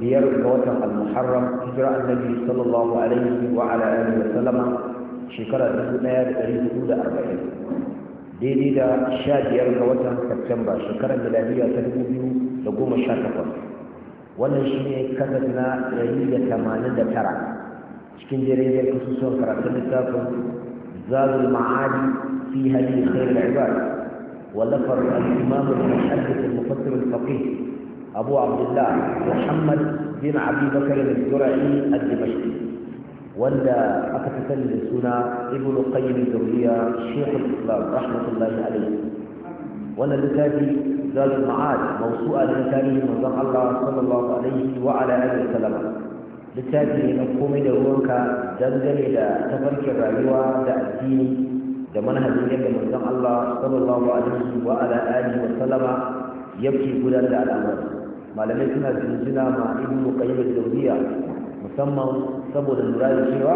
ديار الوطن المحرم هجرة النبي صلى الله عليه وعلى آله وسلم شكرا لبنير ريزود أربعين ديدي دا شا ديار الوطن سبتمبر شكرا للابية تنبيه لقوم الشاتفون وانا شميع كذبنا ريزة ثمانية ترى شكين دي ريزة كسوسون كراتل التافون زاد المعادي في هذه خير العباد ولفر الإمام المحدث المفسر الفقيه أبو عبد الله محمد بن أبي بكر الجرعي الدمشقي ولا أكتسل لسنا ابن القيم الدولية شيخ الإسلام رحمة الله عليه ولا لكاتي زاد المعاد موسوعة لكاتي من الله صلى الله عليه وعلى آله وسلم littafi ne na komai da ruwanka dangane da tafarkin rayuwa da addini da manhajin yadda manzon Allah sallallahu alaihi wa ala alihi wa sallama yake gudanar da al'amuran malamai suna jinjina ma ibn muqayyim al-dawriya musamman saboda murari cewa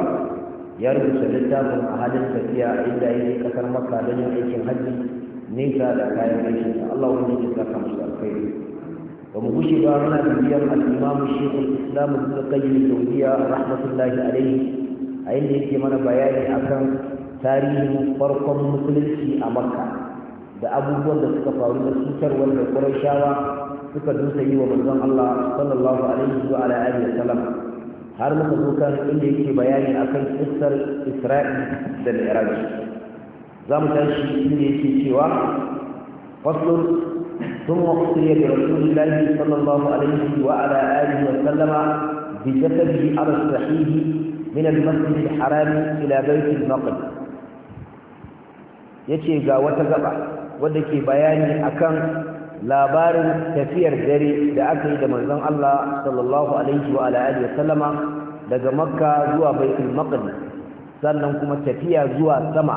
ya rubuta littafin a halin tafiya inda yake kasar makka don yin aikin hajji nesa da kayan aikin da Allah wani yake saka musu alkhairi ba mu gushe ba muna bibiyar al-imamu shekul islam ibn muqayyim al-dawriya rahmatullahi alayhi a inda yake mana bayani akan tarihin farkon musulunci a makka da abubuwan da suka faru da cutar wanda ƙurashawa suka dusa yi wa manzon Allah sallallahu alaihi wa ala alihi wa sallam har muka zo kan inda yake bayani akan kissar Isra'i da Mi'raj za mu tashi inda yake cewa faslun ثم أحصي برسول الله صلى الله عليه وعلى آله وسلم بجسده على الصحيح من المسجد الحرام إلى بيت المقدس yace ga wata gaba wadda ke bayani akan labarin tafiyar dare da aka yi da manzon Allah sallallahu alaihi wa alihi sallama daga makka zuwa baitul maqdis sannan kuma tafiya zuwa sama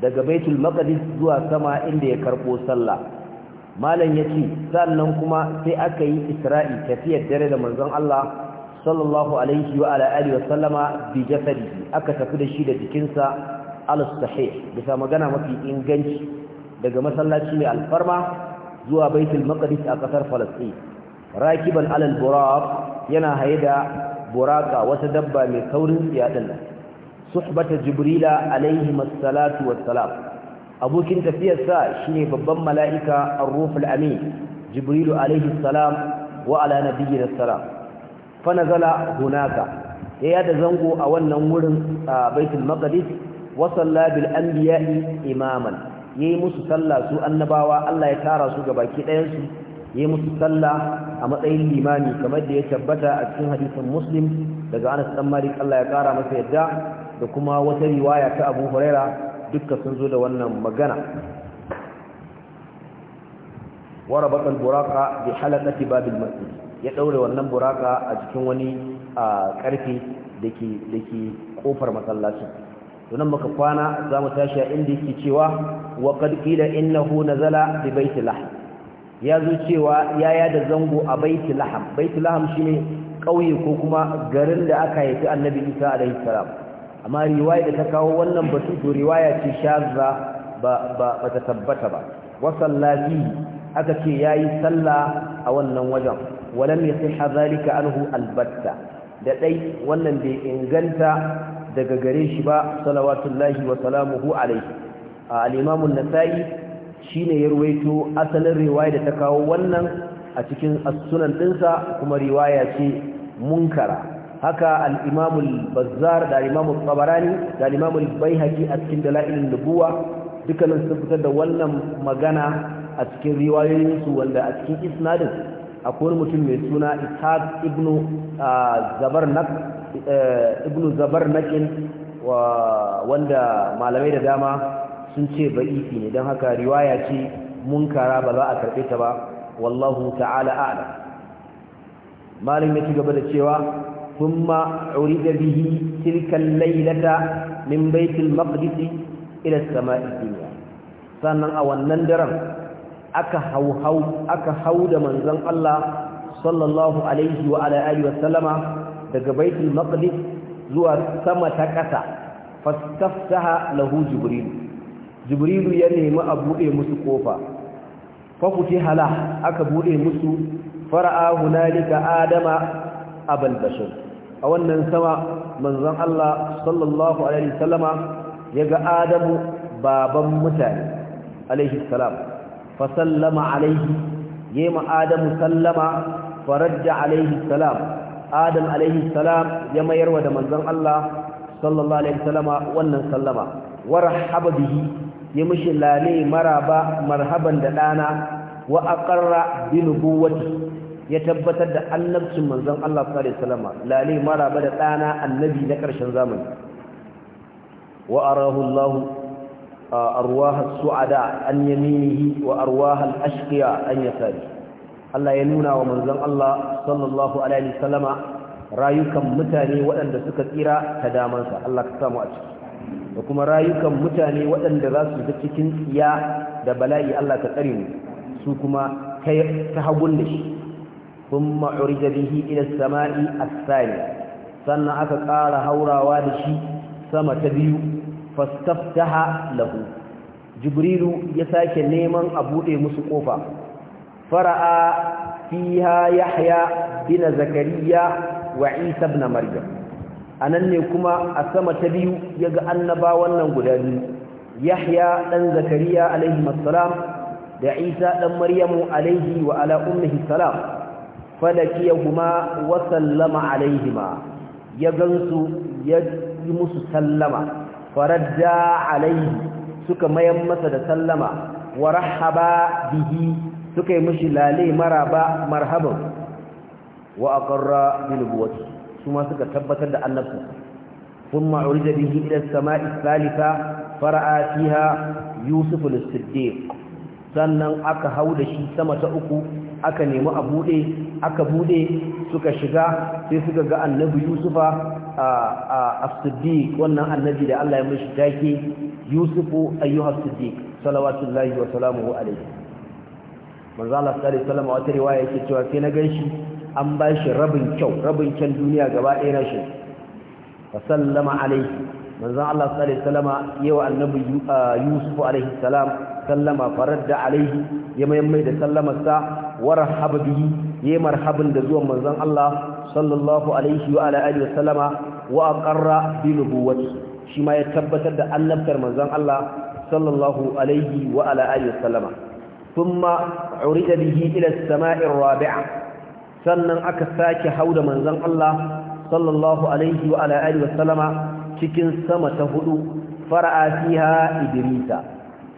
daga baitul maqdis zuwa sama inda ya karbo sallah malam yace sannan kuma sai aka yi isra'i tafiyar dare da manzon Allah sallallahu alaihi wa alihi sallama bi jasadihi aka tafi da shi da jikinsa al-sahih bisa magana mafi inganci daga masallaci mai alfarma zuwa baitul maqdis a kasar falastin rakiban alal buraq yana haida da buraka wata dabba mai saurin tsiya nan suhbata jibrila alaihi masallatu wassalam abokin tafiyar sa shine babban mala'ika ar-ruhul amin jibrilu alaihi salam wa ala nabiyina salam fa nazala hunaka ya da zango a wannan wurin baitul maqdis wa salla bil anbiya'i imaman yayi musu sallah su annabawa Allah ya tara su gabaki baki ɗayansu yayi musu sallah a matsayin limami kamar da ya tabbata a cikin hadisin Muslim daga Anas dan Malik Allah ya kara masa yadda da kuma wata riwaya ta Abu Huraira dukka sun zo da wannan magana وربط البراق بحلقة باب المسجد ya daure wannan buraka a cikin wani a karfe dake dake kofar tunan maka kwana za mu tashi a inda yake cewa wa qad qila na zala da baiti lahm ya zo cewa yaya da zango a baiti lahm baiti shi shine ƙauye ko kuma garin da aka haifi annabi Isa alaihi salam amma riwaya da ta kawo wannan batu to riwaya ce shaza ba ta tabbata ba wasan sallati aka ce yayi sallah a wannan wajen walam yasihha zalika anhu albatta da dai wannan bai inganta daga gare shi ba salawatullahi wa salamuhu alaihi al-imam an-nasa'i shine ya ruwaito asalin riwaya da ta kawo wannan a cikin as-sunan dinsa kuma riwaya ce munkara haka al-imam al-bazzar da al-imam da al-imam al a cikin dalailin nubuwa dukkanin sun fitar da wannan magana a cikin riwayoyinsu wanda a cikin isnadin akwai mutum mai suna ishaq ibnu ah, zabarnak Eh, ibnu zabar nakin wanda malamai da dama sun ce ba'ifi ne don haka riwaya ce munkara ba za a karɓi ta ba wallahu ta'ala a'la malam ya ci gaba da cewa thumma urida bihi tilka al-laylata min baitil maqdis ila as-sama'i dunya sannan a wannan daren aka hauhau aka hau da manzon Allah sallallahu alaihi wa ala alihi wa sallama daga baitul maqdis zuwa sama ta ƙasa fastaftaha lahu jibril jibril ya nemi a bude musu kofa fa futiha hala aka bude musu fara'a hunalika adama abal bashar a wannan sama manzon Allah sallallahu alaihi wasallama yaga adamu baban mutane alaihi salam fa sallama alaihi yema adamu sallama farajja alaihi salam adam alaihi salam ya mayarwa da manzon Allah sallallahu alaihi wasallama wannan sallama warhaba bihi ya mishi lale maraba marhaban da dana wa aqarra bi nubuwwati ya tabbatar da annabcin manzon Allah sallallahu alaihi wasallama lale maraba da dana annabi na karshen zamani wa arahu Allah arwah as-su'ada an yaminihi wa arwah al-ashqiya an yasarihi Allah ya nuna wa manzon Allah sallallahu alaihi wasallama rayukan mutane waɗanda suka tsira ta damansa Allah ka samu a ciki da kuma rayukan mutane waɗanda za su ga cikin tsiya da bala'i Allah ka tsare mu su kuma ta hagun da shi kuma urija bihi ila sama'i as-sani sannan aka ƙara haurawa da shi sama ta biyu fastaftaha lahu jibrilu ya sake neman a bude musu kofa fara'a fiha yahya bin zakariya wa isa ibn maryam anan ne kuma a sama ta biyu yaga annaba wannan guda biyu yahya ɗan zakariya alaihi assalam da isa ɗan maryamu alaihi wa ala ummihi salam falakiyahuma wa sallama alaihima ya gansu ya yi musu sallama faradda alaihi suka mayan masa da sallama wa rahaba bihi suka yi mashi lale maraba marhaban wa aqarra bi su ma suka tabbatar da sun thumma urida bihi ila as-sama'i ath fara'a fiha yusuf al siddiq sannan aka da shi sama ta uku aka nemi a buɗe aka buɗe suka shiga sai suka ga annabi yusufa a siddiq wannan annabi da Allah ya mishi take yusufu ayyuha as-siddiq salawatullahi wa salamuhu manzo Allah sallallahu alaihi wasallam wata riwaya yake cewa sai na ganshi an ba shi rabin kyau rabin kyan duniya gaba ɗaya na shi fa sallama alaihi manzo Allah sallallahu alaihi wasallam yawa annabi Yusuf alaihi salam sallama faradda alaihi ya mayammai da sallamarsa wa rahaba bihi ya marhaban da zuwan manzon Allah sallallahu alaihi wa ala alihi wasallama wa aqarra bi nubuwwati shi ma ya tabbatar da annabtar manzon Allah sallallahu alaihi wa ala alihi wasallama thumma urida bihi ila as-sama'i sannan aka sake hauda manzon Allah sallallahu alaihi wa ala alihi wasallama cikin sama ta hudu fara'a fiha idrisa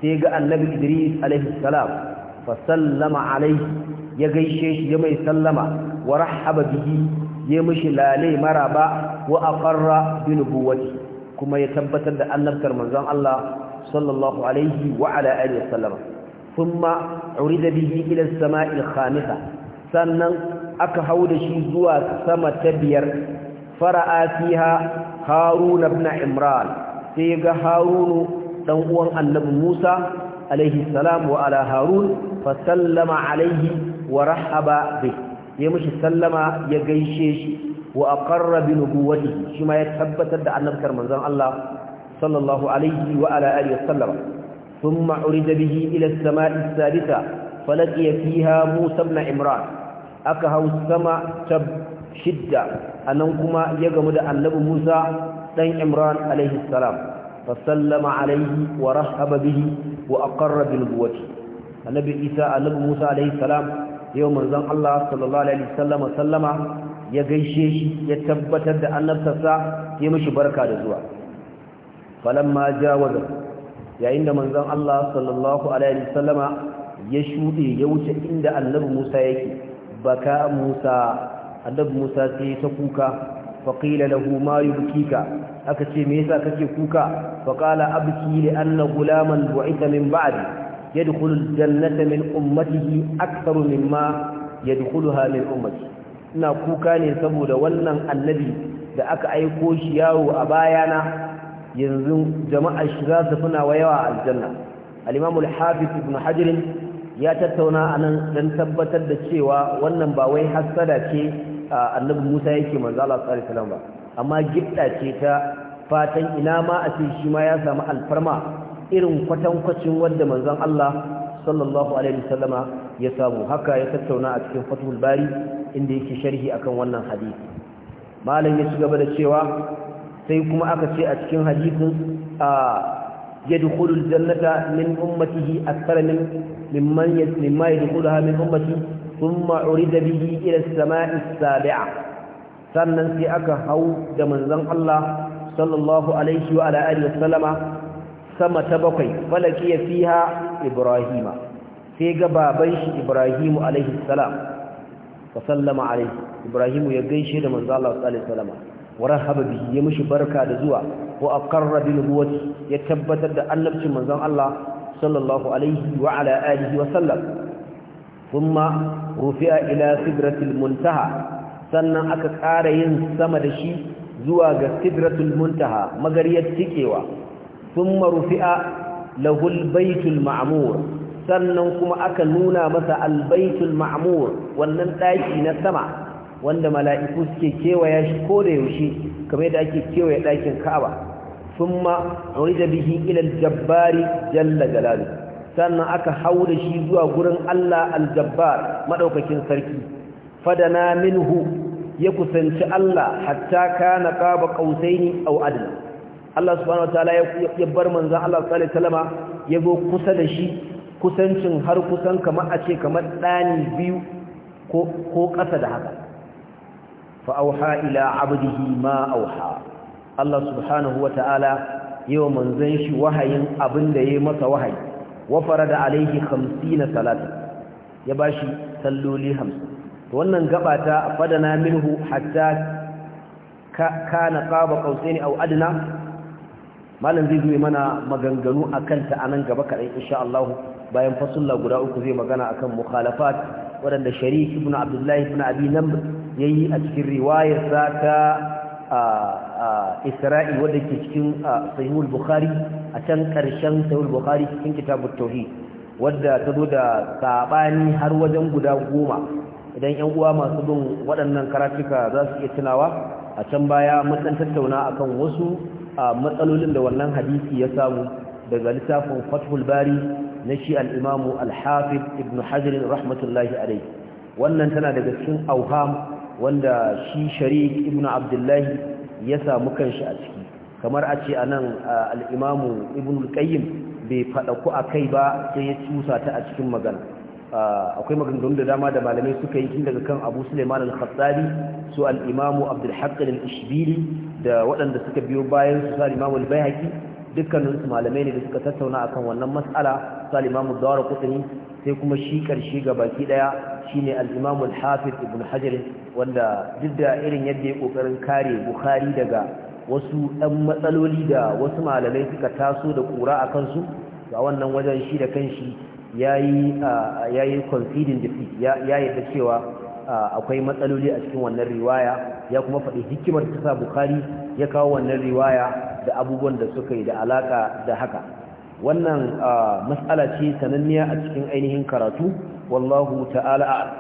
sai ga annabi idris alaihi salam fa sallama alaihi ya gaishe shi ya mai sallama wa rahaba bihi ya mishi lalai maraba wa aqarra bi nubuwwati kuma ya tabbatar da annabtar manzon Allah sallallahu alaihi wa ala alihi wasallama thumma urida bihi ila as-sama'i khamisa sannan aka hau da shi zuwa sama ta biyar fara'a fiha harun ibn imran sai ga haruna dan uwan annabi Musa alaihi salam wa ala harun fa sallama alaihi wa rahaba ya mushi sallama ya gaishe shi wa aqarra bi nubuwwatihi shi ma ya tabbatar da annabtar manzon Allah sallallahu alaihi wa ala alihi ثم عرج به إلى السماء الثالثة فلقي فيها موسى بن عمران أكهو السماء تب شدة أنكما يقمد النبي موسى بن عمران عليه السلام فسلم عليه ورحب به وأقر بنبوته النبي إيسى النبي موسى عليه السلام يوم رزان الله صلى الله عليه وسلم وسلم ya gaishe shi ya tabbatar da annabtarsa ya mishi barka da zuwa falamma jawaza yayin da manzon Allah sallallahu alaihi wasallama ya shude ya wuce inda annabi Musa yake baka Musa annabi Musa sai ta kuka faqila lahu ma yubkika aka ce me yasa kake kuka faqala abki li anna gulaman bu'ita min ba'di yadkhulu al-jannata min ummatihi aktharu mimma yadkhuluha min ummati ina kuka ne saboda wannan annabi da aka aiko shi yawo a bayana yanzu jama'a shiga za su wa yawa aljanna al hafiz ibn hajar ya tattauna anan dan tabbatar da cewa wannan ba wai hasada ce annabi Musa yake manzo Allah sallallahu ba amma gidda ce ta fatan ina ma a ce shi ma ya samu alfarma irin kwatankwacin wanda manzon Allah sallallahu alaihi wasallama ya samu haka ya tattauna a cikin Fathul Bari inda yake sharhi akan wannan hadisi malam ya ci gaba da cewa sai kuma aka ce a cikin hadisin a يدخل الجنة من أمته أكثر من ممن مما min من sun ثم عرض به إلى السماء السابعة sannan sai aka hau da manzan Allah sallallahu alaihi wa ala wasallama sama ta bakwai falaki ha ibrahima sai ga baban shi ibrahimu alaihi salam fa alaihi ibrahimu ya gaishe da manzon Allah sallallahu alaihi wasallama warahaba bihi ya mishi barka da zuwa wa aqarra bil huwati ya tabbatar da annabcin manzon Allah sallallahu alaihi wa ala alihi wa sallam kuma rufi'a ila sidratil muntaha sannan aka kara yin sama da shi zuwa ga sidratul muntaha magariyar tikewa kuma rufi'a lahul baitul ma'mur sannan kuma aka nuna masa albaitul ma'mur wannan ɗaki na sama wanda mala'iku suke kewaya shi ko da yaushe kamar yadda ake kewaye ɗakin ka'aba sun ma da bihi ilal jabbari jalla jalalu sannan aka hau da shi zuwa gurin Allah aljabbar maɗaukakin sarki fadana minhu ya kusanci Allah hatta kana qaba qausaini aw adna Allah subhanahu wataala ya bar manzon Allah sallallahu alaihi ya zo kusa da shi kusancin har kusan kamar a ce kamar ɗani biyu ko ƙasa da haka auha ila abdihi ma auha Allah subhanahu wa ta’ala yiwa manzan shi wahayin abin da ya yi masa wahayi wafara da alaihi hamsi na salata ya ba shi salloli hamsi wannan gabata fadana minhu hatta ka na ƙaba ƙausai au adina Malam zai zuwa mana maganganu a kanta a nan gaba kaɗai insha Allah bayan fasulla guda uku zai magana akan mukhalafat waɗanda shari'i ibn abdullahi ibn abi ya yi a cikin riwayarsa ta isra'i wadda ke cikin sahihul bukhari a can ƙarshen sahihul bukhari cikin kitabun tauhid wadda ta zo da saɓani har wajen guda goma idan yan uwa masu bin waɗannan karatuka za su iya tunawa a can baya matsan tattauna akan wasu matsalolin da wannan hadisi ya samu daga littafin fathul bari na shi al'imamu al-hafiz ibn hajjirin rahmatullahi alaihi wannan tana daga cikin auham wanda shi sharik ibn abdullahi ya samu kanshi a ciki kamar a ce anan al-imamu ibn al-qayyim bai fada ku kai ba sai ya tusa ta a cikin magana akwai maganganu da dama da malamai suka yi tun daga kan Abu Sulaiman al-Khattabi su al'imamu imamu Abdul Haqq al da waɗanda suka biyo bayan su sa imamu al-Baihaqi dukkanin su malamai ne da suka tattauna akan wannan mas'ala sa imamu Dawud Qutni sai kuma shi karshe gabaki ɗaya. shine al-Imam al-Hafiz Ibn Hajar wanda duk da irin yadda ya ƙoƙarin kare Bukhari daga wasu ɗan matsaloli da wasu malamai suka taso da kura a kansu ga wannan wajen shi da kanshi ya yi conceding defeat ya yadda cewa akwai matsaloli a cikin wannan riwaya ya kuma faɗi hikimar ta sa Bukhari ya kawo wannan riwaya da abubuwan da suka yi da alaka da haka wannan matsala ce sananniya a cikin ainihin karatu wallahu ta'ala a'lam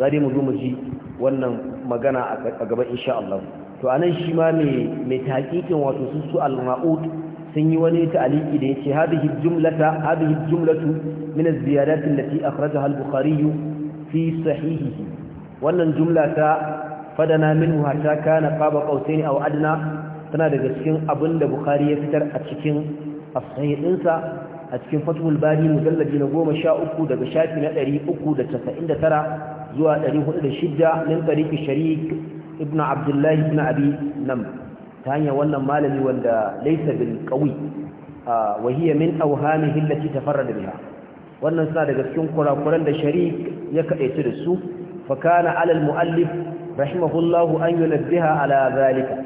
zari mu zo mu ji wannan magana a gaba insha Allah to anan shi ma me me wato su su al-ma'ud sun yi wani ta'aliki da yace hadhihi jumlata hadhihi jumlatu min az-ziyadat allati akhrajaha al-bukhari fi sahihihi wannan jumla ta fadana minhu hatta kana qaba qausaini aw adna tana daga cikin abinda bukhari ya fitar a cikin as-sahihinsa a cikin fathul bari mujallabi na goma sha uku daga shafi na ɗari uku da casa'in da tara zuwa ɗari hudu da shidda min ki sharik ibn abdullahi ibn abi nam ta hanyar wannan malami wanda laisa bil qawi wa hiya min ta allati da biha wannan sa daga cikin kurakuran da sharik ya kadaice da su fa alal muallif rahimahullahu an yunabbiha ala zalika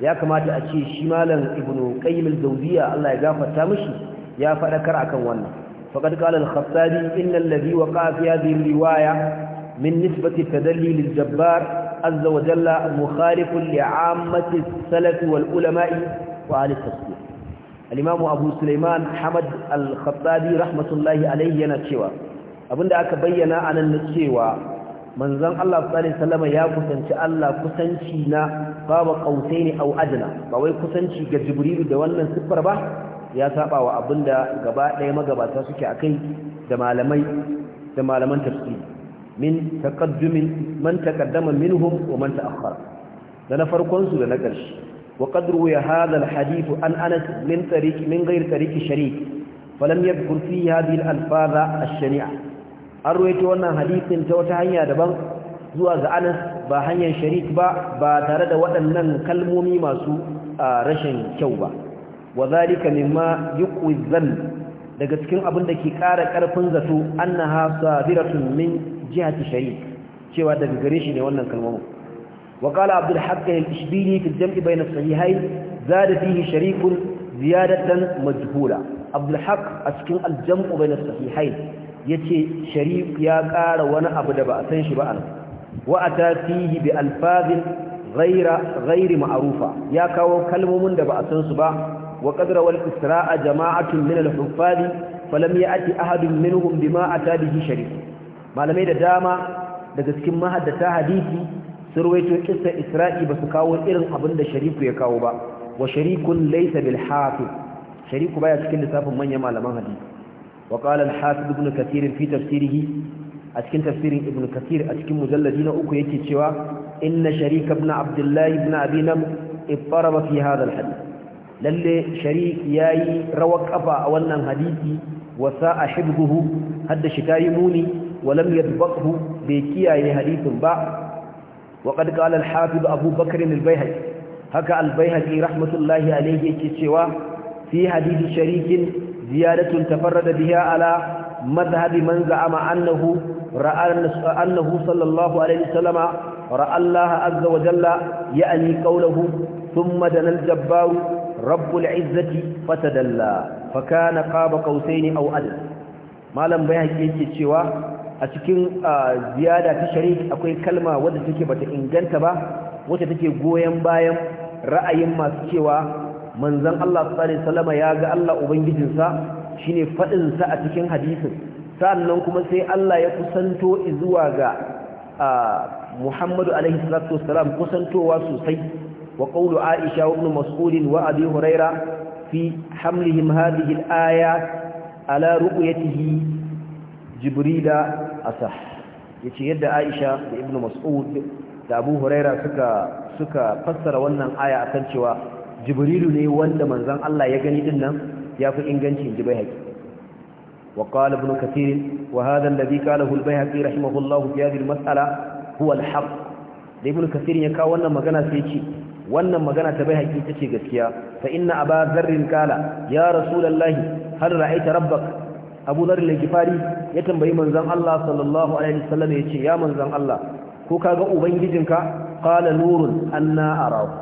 ya kamata a ce shi malam ibnu qayyim al-jawziya Allah ya gafarta mishi ya faɗakar akan wannan faqad qala al-khattabi inna alladhi waqa'a fi riwaya min nisbati tadalli jabbar azza wa jalla mukhalif li'ammati as wal-ulama'i wa ahli at-tafsir abu Suleiman hamad al-khattabi rahmatullahi alayhi yana cewa abinda aka bayyana anan cewa manzon Allah sallallahu ya kusanci Allah kusanci na baba ne au adna ba wai kusanci ga jibrilu da wannan siffar ba ya saba wa abinda gaba ɗaya magabata suke kai da malamai da malaman tafsiri min taqaddumin man taqaddama minhum wa man ta'akhkhara da na farkon su da na ƙarshe wa qad ya hadha alhadith an anas min tariq min ghayr tariq sharik falam yadhkur fi hadhihi alalfaz alshari'a an wannan hadisin ta wata hanya daban zuwa ga anas ba hanyar sharik ba ba tare da waɗannan kalmomi masu rashin kyau ba wa zalika mimma yuqwi dhann daga cikin abin da ke ƙara ƙarfin zato annaha sabiratun min jihati shari'a cewa daga gare shi ne wannan kalmomin wa qala abdul haqq al-ishbili fi al-jam'i bayna as-sahihayn zada fihi sharikun ziyadatan majhula abdul a cikin al-jam'u bayna as-sahihayn yace sharif ya ƙara wani abu da ba a san shi ba an wa ata fihi bi alfazin ghayra ghayri ma'rufa ya kawo kalmomin da ba a san su ba وقد روى الإسراء جماعة من الحفاظ فلم يأتي أحد منهم بما أتى به شريف ما لم يدى داما لذلك ما حدثا حديثي سرويت قصة إسراء بسكاو إرن أبن شريف يكاو با وشريك ليس بالحافظ شريك بايا تكن لساف من يما لما حديث وقال الحافظ ابن كثير في تفسيره أتكن تفسير ابن كثير أتكن مجلدين أكو يكي إن شريك ابن عبد الله ابن أبي نمر اضطرب في هذا الحديث lalle shari yayi rawar kafa a wannan hadisi wa a hibbuhu hadda shi tayi muni wa lam yadbaqhu bai kiyaye hadisin ba wa qad qala al-hafiz Abu Bakr al haka al rahmatullahi alayhi yake cewa fi hadisi sharikin ziyadatun tafarrada biha ala مذهب من زعم أنه رأى أنه صلى الله عليه وسلم رأى الله عز وجل يعني قوله ثم دنا الجبار rabbul izzati fatadalla fa kana qaba qausaini aw adl malam bai yake cewa a cikin ziyada ta sharif akwai kalma wadda take bata inganta ba wacce take goyen bayan ra'ayin masu cewa manzon Allah sallallahu alaihi wasallam ya ga Allah ubangijinsa shine fadin sa a cikin hadisin sannan kuma sai Allah ya kusanto zuwa ga Muhammadu alaihi salatu wassalam kusantowa sosai وقول عائشة وابن مسعود وأبي هريرة في حملهم هذه الآية على رؤيته جبريل أصح يتشهد عائشة وابن مسعود وأبو هريرة سكا suka fassara wannan aya akan cewa jibrilu ne wanda manzon Allah ya gani din nan yafi ingancin jibaihaqi wa qala ibn kathir wa hadha alladhi qalahu albayhaqi rahimahullahu fi hadhihi almas'ala huwa alhaq da ibn kathir ya kawo wannan magana sai ce wannan magana ta bai haƙi ce gaskiya fa inna aba zarrin kala ya rasulullahi har ra'aita rabbak abu zarr al-gifari ya tambayi manzon Allah sallallahu alaihi wasallam yace ya manzon Allah ko kaga ubangijinka qala nurun anna arahu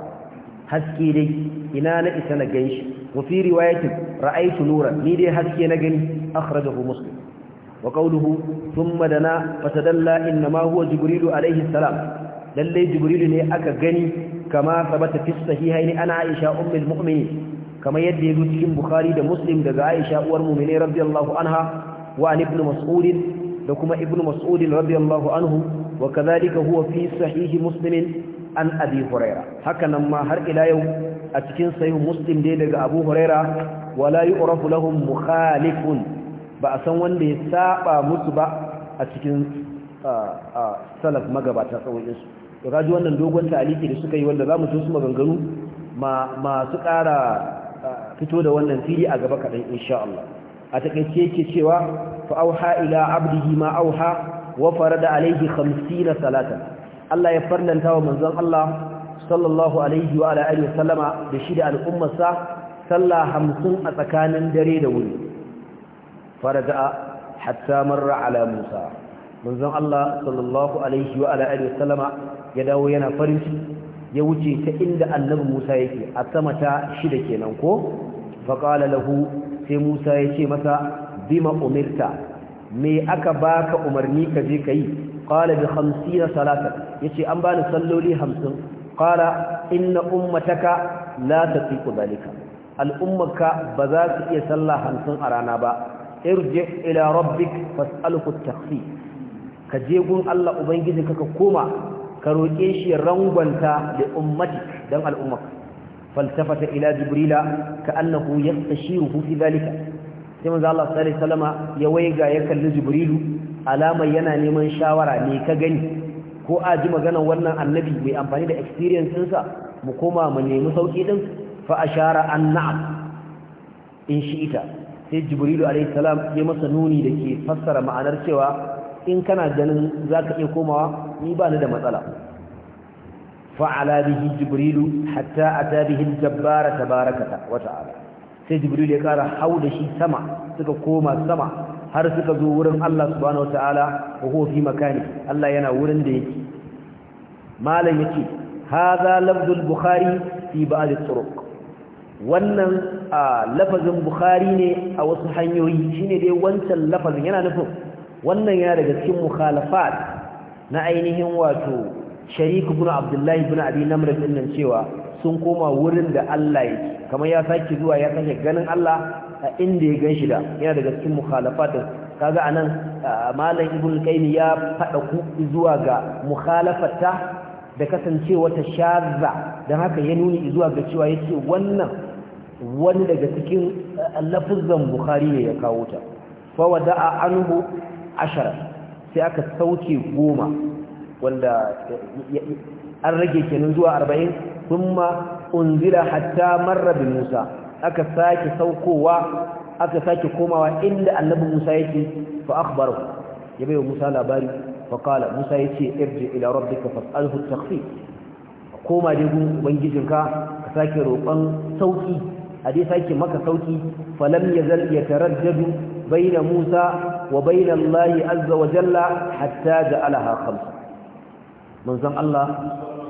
haske dai ina na isa na ganshi wa fi riwayatin ra'aitu nuran ni dai haske na gani akhrajahu muslim wa qawluhu thumma dana fatadalla inma huwa jibril alaihi salam lalle jibril ne aka gani kama sabata fi sahihaini ana Aisha ummul mu'minin kama yadda yazo cikin Bukhari da Muslim daga Aisha uwar mu'minin radiyallahu anha wa ibn Mas'ud da kuma ibn Mas'ud radiyallahu anhu wa kadhalika huwa fi sahih Muslim an Abi Huraira haka nan ma har ila yau a cikin sahih Muslim dai daga Abu Huraira wala yu'rafu lahum mukhalifun ba a san wanda ya saba musu ba a cikin salaf magabata tsawon su to kaji wannan dogon ta'aliki da suka yi wanda zamu so su maganganu ma masu ƙara fito da wannan fili a gaba kaɗan insha Allah a taƙaice yake cewa fa auha ila abdihi ma auha wa farada alaihi 50 salatan Allah ya farlanta wa manzon Allah sallallahu alaihi wa alihi sallama da shi da al'ummarsa salla 50 a tsakanin dare da wuri farada hatta marra ala Musa manzon Allah sallallahu alaihi wa alihi sallama. ya dawo yana farin ciki ya wuce ta inda annabi Musa yake a sama ta shida kenan ko faqala lahu sai Musa ya ce masa bima umirta me aka baka umarni ka je kai qala bi 50 salata yace an bani salloli 50 qala inna ummataka la tatiqu dalika al'ummaka ba za su iya sallah 50 a rana ba irji ila rabbik fas'alhu at-takhfif ka je gun Allah ubangiji ka koma ka roƙe shi rangwanta da ummati don al'umma falsafata ila jibrila ka annahu yastashiruhu fi zalika sai manzo Allah sallallahu alaihi wasallama ya waiga ya kalli jibrilu alama yana neman shawara ne ka gani ko a ji maganar wannan annabi mai amfani da experience ɗinsa mu koma mu nemi sauƙi ɗin fa ashara an in shi ita sai jibrilu alaihi salam ya masa nuni da ke fassara ma'anar cewa in kana ganin za ka iya komawa ni ba ni da matsala fa'ala bihi jibrilu hatta a bihi al-jabbara tabaaraka wa ta'ala sai jibril ya kara da shi sama suka koma sama har suka zo wurin Allah subhanahu wa ta'ala makani Allah yana wurin da yake malam yake haza lafzul bukhari fi ba'd al-turuq wannan lafazin bukhari ne a wasu hanyoyi shine dai wancan lafazin yana nufin wannan yana daga cikin mukhalafat na ainihin wato sharik ibn abdullahi ibn abi namr din cewa sun koma wurin da Allah yake kamar ya saki zuwa ya sake ganin Allah a inda ya ganshi da yana daga cikin mukhalafatin kaga anan malam ibn qayyim ya fada ku zuwa ga mukhalafata da kasancewa ta shazza dan haka ya nuni zuwa ga cewa yace wannan wani daga cikin lafuzan bukhari ne ya kawo ta fa wada'a anhu ashara sai aka sauke goma wanda an rage kenan zuwa arba'in thumma unzila hatta marra bi musa aka sake saukowa aka sake komawa inda annabi musa yake fa akhbarahu ya bai musa labari fa qala musa yace irji ila rabbika fas'alhu at-takhfif koma dai gun ubangijinka ka sake roƙon sauki a dai sake maka sauki falam yazal yataraddadu baina musa wa bayna Allah azza wa jalla hatta ja'alaha khamsa manzon Allah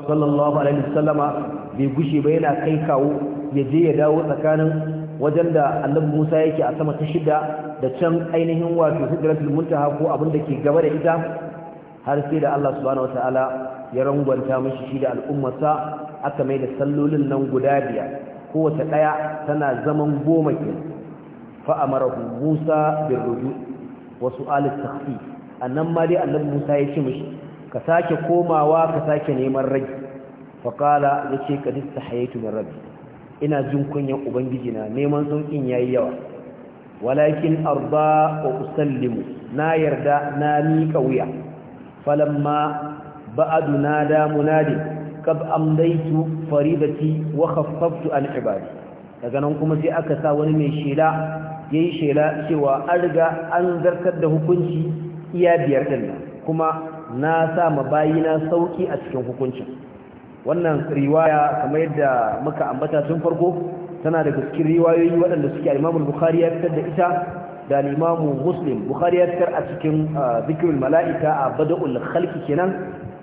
sallallahu alaihi wasallama bai gushe ba yana kai kawo ya je ya dawo tsakanin wajen da Annabi Musa yake a sama ta shida da can ainihin wato Sidratul Muntaha ko abin da ke gaba da ita har sai da Allah subhanahu wataala ya rangwanta mishi shi da al'ummarsa aka mai da sallolin nan guda biyar kowace ɗaya tana zaman goma ke fa Musa bin ruju' wasu alif takhfif a ma dai annabi Musa ya ce mashi ka sake komawa ka sake neman rai ya ce ka qad istahaytu min rabbi ina jin kunyan ubangiji na neman sauƙin yayi yawa walakin arda wa usallimu na yarda na miƙa wuya falamma ba'adu nada munadi kab amdaitu faridati wa khaffaftu an ibadi daga nan kuma sai aka sa wani mai shela ya yi shela cewa an riga an zartar da hukunci iya biyar ɗin nan kuma na sa ma bayina sauki a cikin hukuncin wannan riwaya kamar yadda muka ambata tun farko tana daga cikin riwayoyi waɗanda suke al-Imam Bukhari ya fitar da ita da al-Imam Muslim Bukhari ya fitar a cikin ah, zikrul mala'ika a bada'ul khalqi kenan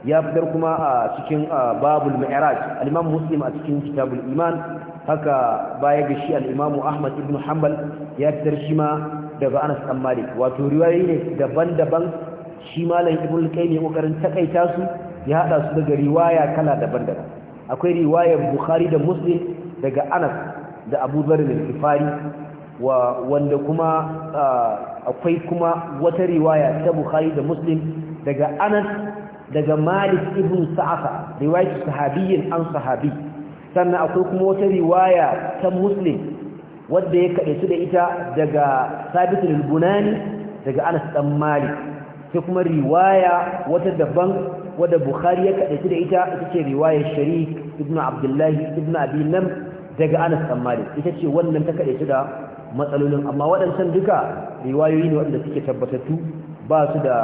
ya fitar kuma a cikin babul mi'raj al-imam muslim a cikin kitabul iman haka baya ga shi al-imam ahmad ibn hanbal ya fitar shi ma daga anas dan malik wato riwayoyi ne daban-daban shi malam ibn qayyim ya kokarin takaita su ya hada su daga riwaya kala daban-daban akwai riwayar bukhari da muslim daga anas da Abubakar dharr al-ghifari wa wanda kuma akwai kuma wata riwaya ta bukhari da muslim daga anas daga malik ibn sa'afa riwayat sahabiyyin an sahabi sannan akwai kuma wata riwaya ta muslim wanda ya kade su da ita daga sabit al-bunani daga anas dan malik sai kuma riwaya wata daban da bukhari ya kade su da ita ita ce riwayar sharik ibn abdullah ibn abi daga anas dan malik ita ce wannan ta kade su da matsalolin amma waɗancan duka riwayoyi ne waɗanda suke tabbatattu ba su da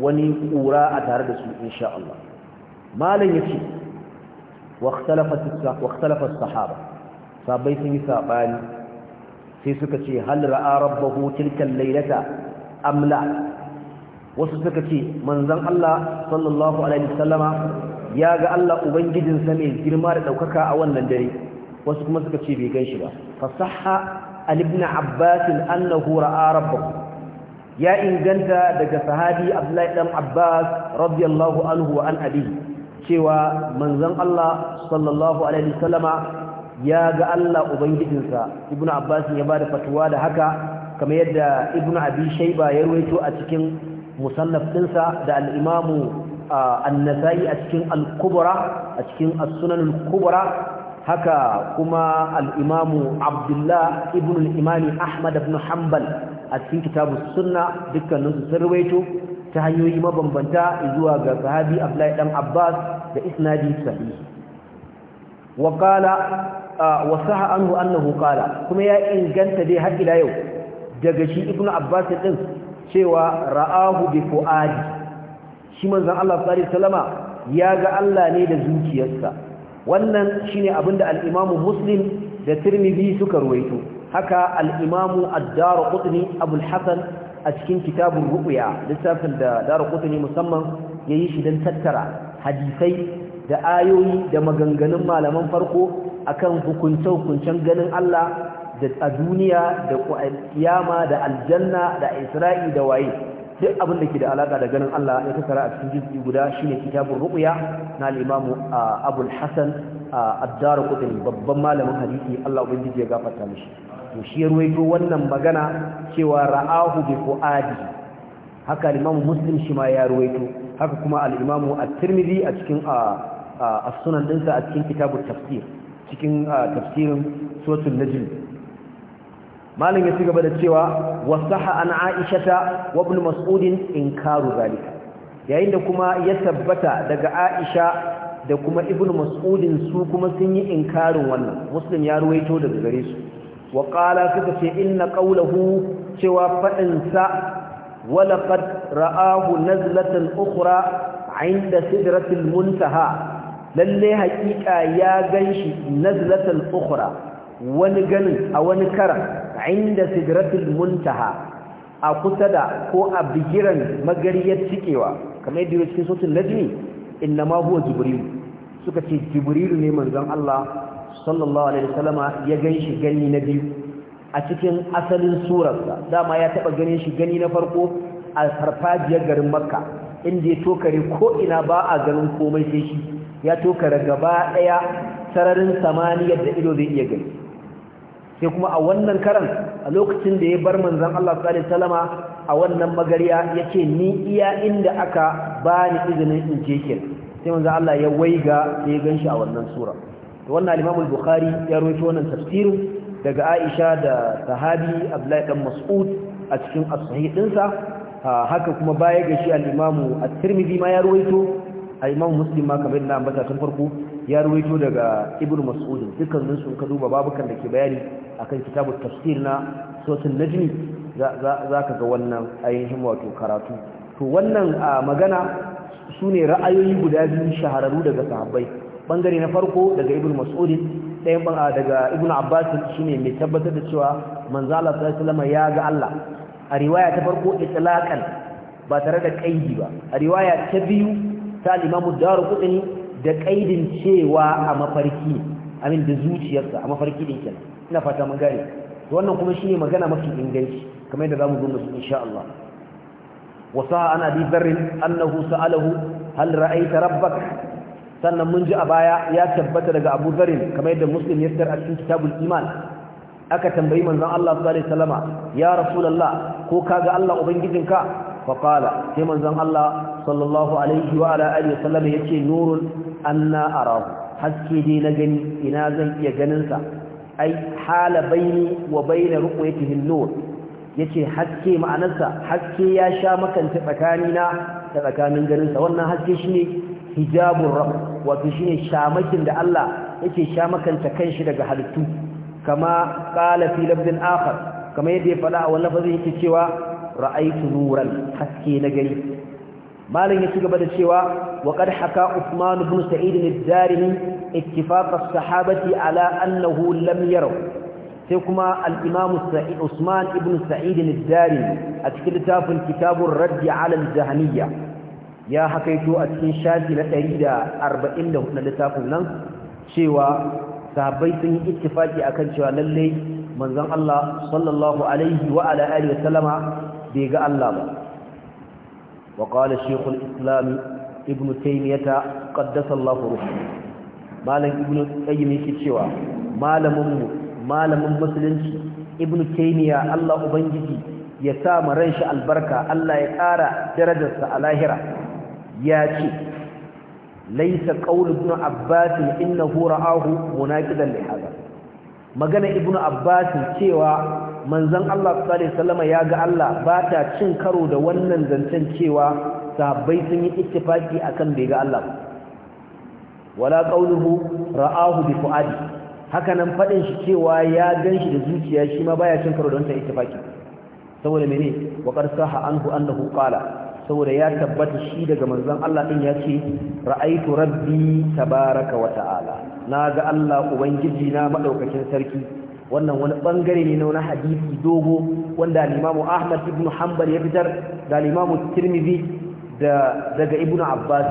wani ƙura a tare da su insha Allah malam yace واختلف sahaba sabai sun yi sabani sai suka ce hal ra'a rabbahu tilka al-laylata amla wasu suka ce manzon Allah sallallahu alaihi wasallama ya ga Allah ubangijin sa mai girma da daukaka a wannan dare wasu kuma suka ce bai ganshi ba fa sahha al-ibn abbas annahu ra'a rabbahu ya inganta daga sahabi Abdullahi dan Abbas radiyallahu anhu wa an abi cewa manzon Allah sallallahu alaihi wasallama ya ga Allah ubangijinsa Ibn Abbas ya bada fatuwa da haka kamar yadda Ibn Abi shaiba ya ruwaito a cikin musallaf dinsa da al'imamu imam a cikin al a cikin asunan sunan kubra haka kuma al'imamu imam Abdullah ibn al Ahmad ibn Hanbal a cikin kitabu sunna dukkaninsu sun rawaito ta hanyoyi mabambanta zuwa ga sahabi Abdullahi dan Abbas da isnadi sahih wa qala wa saha annahu qala kuma ya inganta dai har ila yau daga shi Ibn Abbas din cewa ra'ahu bi fuadi shi manzon Allah sallallahu alaihi wasallama ya ga Allah ne da zuciyarsa wannan shine abinda al-Imam Muslim da Tirmidhi suka ruwaito haka al-imamu ad-darqutni abul a cikin kitabun rukuya littafin da darqutni musamman yayi shi dan tattara hadisai da ayoyi da maganganun malaman farko akan hukunce-hukuncen ganin Allah da a duniya da kiyama da aljanna da isra'i da waye duk abin da ke da alaka da ganin Allah ya tattara a cikin jizgi guda shine kitabun rukuya na al-imamu Hassan a ad-Darqutni babban malamin hadisi Allah ubangiji ya gafarta mishi to shi ya ruwaito wannan magana cewa ra'ahu bi fuadi haka al-imamu muslim shi ma ya ruwaito haka kuma al-imamu at-tirmidhi a cikin as-sunan dinsa a cikin kitabu tafsir cikin tafsirin suratul najm malam ya cigaba da cewa sahha an aishata wa ibn mas'ud inkaru zalika yayin da kuma ya tabbata daga aisha da kuma ibn mas'ud su kuma sun yi inkarin wannan muslim ya ruwaito daga gare su wa qala suka ce inna qawluhu cewa fadin sa walaqad ra'ahu nazlatan ukhra 'inda sidratil muntaha lalle hakika ya ganshi nazlatan ukhra wani ganin a wani karan inda sidratul muntaha a kusa da ko a bigiran magariyar cikewa kamar yadda cikin sautin najmi inna ma huwa jibril suka ce jibril ne manzon Allah sallallahu alaihi wasallama ya ganshi gani na biyu a cikin asalin surarsa dama ya taba ganin shi gani na farko a farfajiyar garin makka inda ya tokare ko ina ba a ganin komai sai shi ya tokare gaba daya sararin samaniyar da ido zai iya gani sai kuma a wannan karan a lokacin da ya bar manzon Allah sallallahu alaihi wasallama a wannan magariya yace ni iya inda aka bani izinin in je kin sai manzon Allah ya waiga sai ya ganshi a wannan surar wannan al bukhari ya rawaito wannan tafsirin daga Aisha da sahabi Abdullahi dan Mas'ud a cikin as-sahih dinsa haka kuma baya ga shi al-Imam at-Tirmidhi ma ya rawaito a imam Muslim ma kamar da ambata tun farko ya ruwaito daga ibn mas'ud dukkanin su ka duba babukan da ke bayani akan kitabut tafsir na sosin najmi za ka ga wannan ainihin wato karatu to wannan magana sune ra'ayoyi guda biyu shahararru daga sahabbai bangare na farko daga ibn mas'udin ɗayan ban daga ibn abbas shine mai tabbatar da cewa manzo Allah sallallahu alaihi ya ga Allah a riwaya ta farko itlaqan ba tare da kaidi ba a riwaya ta biyu ta imamu daruqutni da kaidin cewa a mafarki amin da zuciyarsa a mafarki din kenan ina fata mun gane wannan kuma shine magana mafi inganci kamar yadda zamu zo mu insha Allah وصاع عن أبي ذر أنه سأله هل رأيت ربك sannan mun ji a baya ya tabbata daga Abu zarin kamar yadda Muslim ya tsara a cikin kitabul iman aka tambayi manzon Allah sallallahu alaihi wasallama ya rasulullah ko kaga Allah ubangijinka fa qala sai manzon Allah sallallahu alaihi wa ala alihi wasallama yace nurul anna arahu haske dai na gani ina zan iya ganin sa ai hala baini wa baina ruqyatihi an-nur yace haske ma'anarsa haske ya sha makanta tsakanina da tsakanin ganinsa wannan haske shine hijabun rab wato shine shamakin da Allah yake shamakanta kanshi daga halittu kama qala fi lafdin akhar kama yadda ya fada a wannan lafazin yake cewa ra'aytu nuran haske na gari malam ya ci gaba da cewa wa qad haka usman ibn Sa'id al-Darimi ittifaq as-sahabati ala annahu lam yaraw sai kuma al-Imam Sa'id Uthman ibn Sa'id al-Darimi a cikin littafin Kitabur Radd ala al-Jahmiyya ya haƙaito a cikin shafi na 144 na littafin nan cewa sahabbai sun yi ittifaki akan cewa lalle manzon Allah sallallahu alaihi wa ala alihi wa sallama bai ga Allah ba wa qala shaykh al-islam ibn taymiyah qaddasallahu ruhu malam ibn qayyim yake cewa malamin mu malamin musulunci ibn taymiyah Allah ubangiji ya sa mu ran shi albarka Allah ya ƙara darajarsa a lahira ya ce laisa qaul ibn abbas innahu ra'ahu munaqidan li hada magana ibn abbas cewa manzon Allah sallallahu alaihi ya ga Allah ba ta cin karo da wannan zancen cewa sahabbai sun yi ittifaki akan bai ga Allah wala qauluhu ra'ahu bi fuadi haka nan fadin shi cewa ya ganshi da zuciya shi ma baya cin karo da wannan ittifaki saboda mene wa qad saha anhu annahu qala saboda ya tabbata shi daga manzon Allah din yace ra'aitu rabbi tabaraka wa ta'ala naga Allah ubangiji na madaukakin sarki wannan wani bangare ne na wani hadisi dogo wanda al-Imam Ahmad ibn Hanbal ya fitar da al-Imam Tirmidhi da daga Ibn Abbas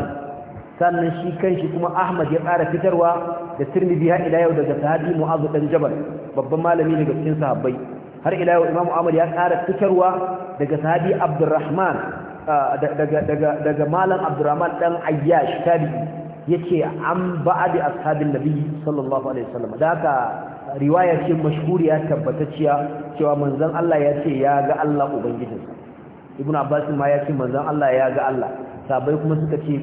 sannan shi kanshi kuma Ahmad ya ƙara fitarwa da Tirmidhi har ila yau daga sahabi Mu'adh dan Jabal babban malami daga cikin sahabbai har ila yau Imam Ahmad ya ƙara fitarwa daga sahabi Abdurrahman daga malam abdurrahman dan ayyash tabi yace an ba'adi ashabin nabi sallallahu alaihi wasallam da haka riwaya ce mashhuriya tabbataciya cewa manzon Allah ya ce ya ga Allah ubangijinsa ibnu abbas ma ya ce manzon Allah ya ga Allah sabai kuma suka ce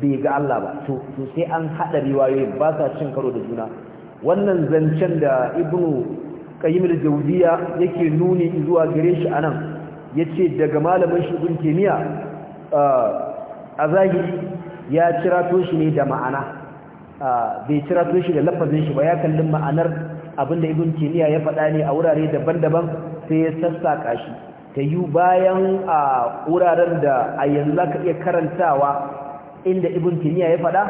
bai ga Allah ba to sai an hada riwayoyi ba sa cin karo da juna wannan zancen da ibnu qayyim al-jawziya yake nuni zuwa gare shi anan Ya ce daga malamin shi ibn a zahiri ya cirato shi ne da ma'ana bai cirato shi da lafazin shi ba ya kallin ma'anar abin da ibn Kimiyya ya faɗa ne a wurare daban-daban sai ya sassaka shi ta yi bayan a wuraren da a yanzu za ka iya karantawa inda ibn Kimiyya ya faɗa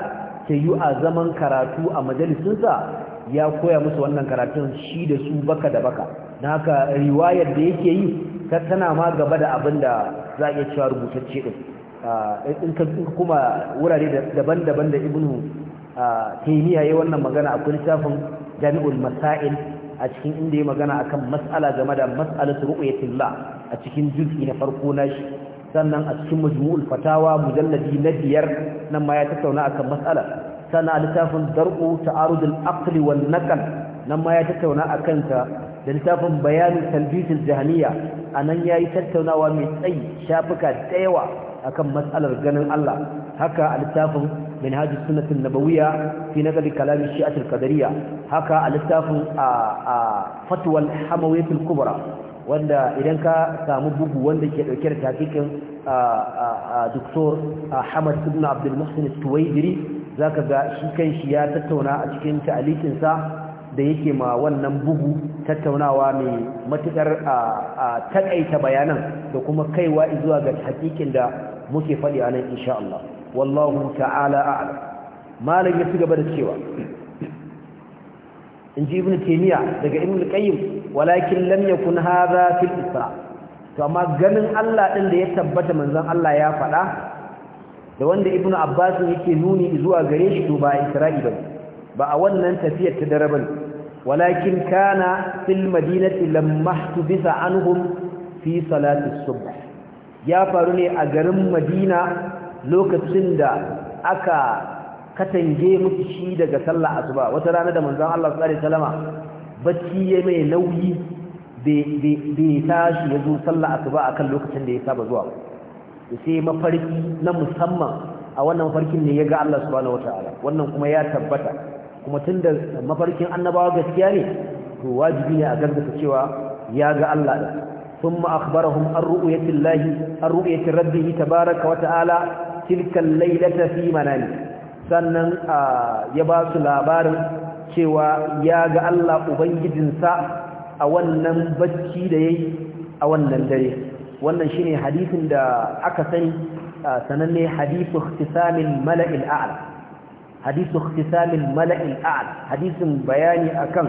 ta yi a zaman karatu a majalisinsa ya koya musu wannan karatun shi da su baka da baka da haka riwayar da yake yi tana ma gaba da abin da za a iya cewa rubutacce din in ka kuma wurare daban-daban da ibnu taymiya yayin wannan magana akwai littafin jami'ul masail a cikin inda ya magana akan mas'ala game da mas'alatu ru'yatillah a cikin juz'i na farko na shi sannan a cikin majmu'ul fatawa mujalladi na biyar nan ma ya tattauna akan mas'ala sannan a littafin dar'u ta'arudul aqli wal naqal nan ma ya tattauna akan ta da littafin bayanin talbisin jahaniya a nan ya yi tattaunawa mai tsayi shafuka da yawa akan matsalar ganin Allah haka a littafin min hajji sunatun nabawiya fi na gadi kalamin shi'atul kadariya haka a littafin a fatuwal kubra wanda idan ka samu bugu wanda ke ɗauke da tafikin doktor hamad ibn abdul muhsin tuwaidiri zaka ga shi kan shi ya tattauna a cikin ta'alikinsa da yake ma wannan bugu tattaunawa mai matukar a takaita bayanan da kuma kaiwa zuwa ga hakikin da muke faɗi a nan insha Allah wallahu ta'ala a'lam malam ya ci gaba da cewa in ji ibn taymiya daga ibn qayyim walakin lam yakun hadha fil isra to amma ganin Allah din da ya tabbata manzon Allah ya faɗa da wanda ibn abbas yake nuni zuwa gare shi to ba isra'i ba ba a wannan tafiyar ta daraban walakin kana fil madinati lamma hubisa anhum fi salati subh ya faru ne a garin madina lokacin da aka katange musu shi daga sallah asuba wata rana da manzon Allah sallallahu alaihi wasallama bacci ya mai nauyi bai tashi ya zo sallah asuba akan lokacin da ya saba zuwa sai mafarki na musamman a wannan farkin ne ya ga Allah subhanahu wataala wannan kuma ya tabbata kuma da mafarkin annabawa gaskiya ne to wajibi ne a gaskata cewa ya ga Allah din thumma akhbarahum ar-ru'yati llahi ar-ru'yati rabbih tabaaraka wa ta'ala tilka al fi manami sannan ya ba su labarin cewa ya ga Allah ubangijinsa a wannan bacci da yayi a wannan dare wannan shine hadisin da aka sani sananne hadithu ikhtisamil mala'il a'la hadisu ikhtisalil mala'il a'ad hadisin bayani akan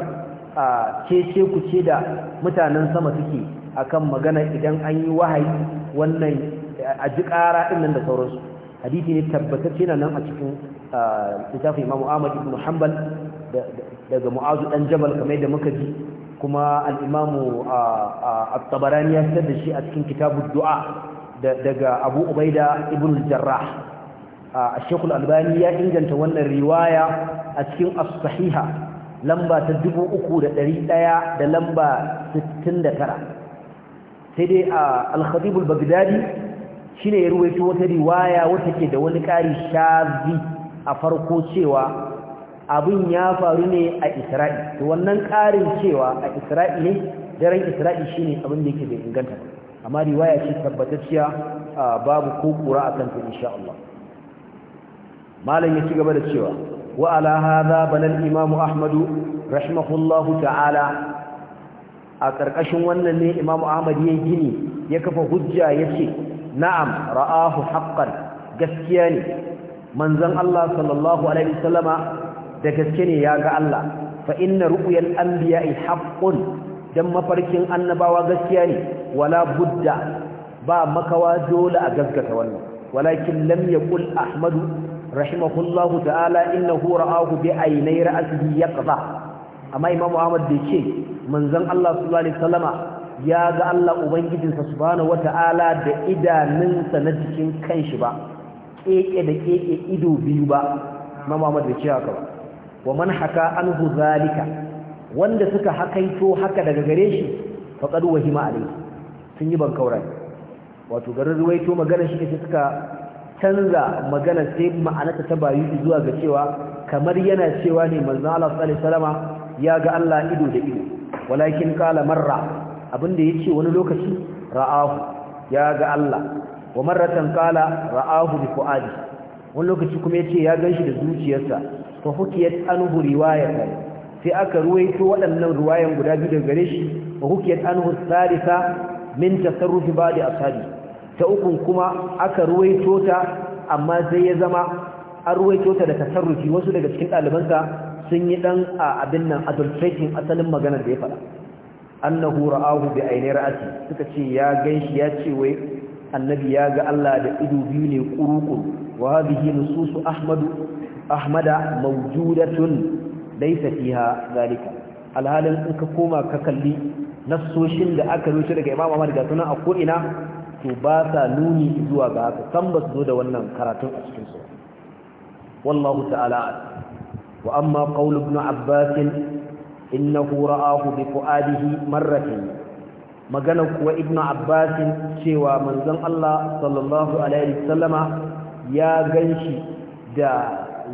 cece ku ce da mutanen sama suke akan magana idan an yi wahayi wannan a ji ƙara ɗin nan da sauransu hadisi ne tabbatar na nan a cikin littafin imamu ahmad ibn hanbal daga mu'azu ɗan jabal kamar da muka ji kuma al'imamu at-tabarani ya fitar da shi a cikin kitabu du'a daga abu ubaida ibn jarrah a shekul albani ya inganta wannan riwaya a cikin as-sahiha lamba ta dubu uku da da lamba sittin da tara. sai dai al-khatib al-baghdadi shine ya ruwaito wata riwaya wata ke da wani kari shazi a farko cewa abin ya faru ne a isra'i to wannan ƙarin cewa a isra'i ne daren isra'i shine abin da yake bai inganta amma riwaya ce tabbatacciya babu ko kura akan ta insha Allah malam ya ci gaba da cewa wa ala hadha banal imamu ahmadu rahimahullahu ta'ala a karkashin wannan ne imamu ahmad ya gini ya kafa hujja yace na'am ra'ahu haqqan gaskiya ne manzon Allah sallallahu alaihi wasallama da gaske ne ya ga Allah fa inna ru'yal anbiya'i haqqun dan mafarkin annabawa gaskiya ne wala budda ba makawa dole a gaskata wannan walakin lam yaqul ahmadu rahimahullahu ta'ala innahu ra'ahu bi aynai ra'sihi yaqza amma imamu ahmad bai ce manzon Allah sallallahu alaihi wasallama ya ga Allah ubangijinsa subhanahu wata'ala da idanunsa na jikin kanshi ba keke da keke ido biyu ba imamu ahmad da ce haka wa man haka anhu zalika wanda suka hakaito haka daga gare shi faqad wahima alai sun yi ban kaurai wato garin ruwaito magana shi ne suka canza magana sai ma'anata ta bayu zuwa ga cewa kamar yana cewa ne manzo Allah sallallahu alaihi wasallama ya ga Allah ido da ido walakin qala marra abinda yake wani lokaci ra'ahu ya ga Allah wa marratan qala ra'ahu bi fuadi wani lokaci kuma yace ya ganshi da zuciyarsa fa hukiyat anhu riwayatan sai aka ruwaito waɗannan ruwayan guda biyu daga gare shi hukiyat anhu thalitha min tasarrufi ba'di ashabi ta ukun kuma aka ruwaito ta amma sai ya zama an ruwaito ta da tasarrufi wasu daga cikin ɗalibansa sun yi ɗan a abin nan adulterating asalin maganar da ya faɗa annahu ra'ahu bi ainihi ra'ati suka ce ya ganshi ya ce wai annabi ya ga Allah da ido biyu ne kurukuru wa hadhihi nususu ahmadu ahmada mawjudatun laysa fiha zalika alhalin in ka koma ka kalli nassoshin da aka rubuta daga imamu Ahmad ga sunan a ko ina to ba sa nuni zuwa ga haka san ba su zo da wannan karatun a cikin wallahu ta'ala wa amma qaul ibn abbas innahu ra'ahu bi fuadihi marratayn magana kuwa ibn abbas cewa manzon Allah sallallahu alaihi wasallama ya ganshi da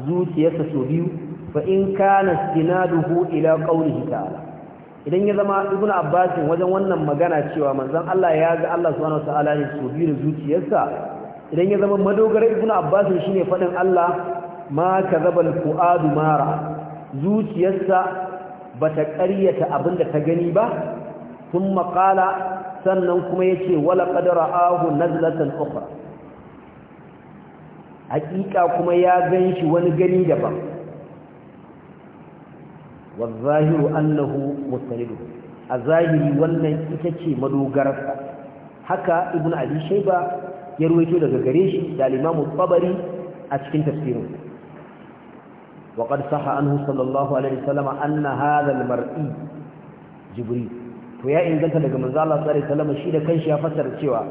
zuciyarsa so biyu fa in kana istinaduhu ila qawlihi ta'ala idan ya zama ibn abbas wajen wannan magana cewa manzon Allah ya ga Allah subhanahu wataala ne so da zuciyarsa idan ya zama madogara ibn abbas shine fadin Allah ma kazabal fuadu mara zuciyarsa bata ƙaryata abinda ta gani ba kuma qala sannan kuma yace wala qad ra'ahu nazlatan ukhra hakika kuma ya ganshi wani gani daban wazahiru annahu mustaridu a zahiri wannan ita ce madogararsa haka ibn abi shayba ya ruwaito daga gare shi da imamu a cikin tafsirin wa qad saha anhu sallallahu alaihi wasallam anna hadha almar'i jibril to ya inganta daga manzo Allah sallallahu shi da kanshi ya fassara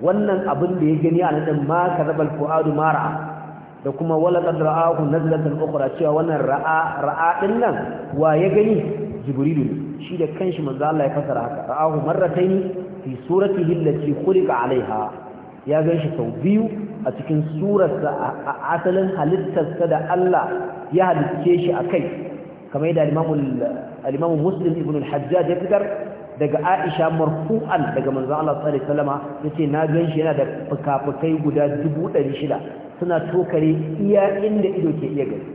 wannan abin da ya gani a nan ma kazabal fuadu mara. da kuma walaqad ra'ahu nazlatan ukhra cewa wannan ra'a ra'a din nan wa ya gani jibrilu shi da kanshi manzo Allah ya fasara haka ra'ahu marratayn fi suratihi allati ya ganshi sau biyu a cikin surarsa a asalin halittarsa da Allah ya halicce shi a kai kamar da Imam Muslim ibn al-Hajjaj ya fitar daga Aisha marfu'an daga manzo Allah sallallahu alaihi wasallama yace na ganshi yana da fukafukai guda shida. suna tokare iya inda ido ke iya gani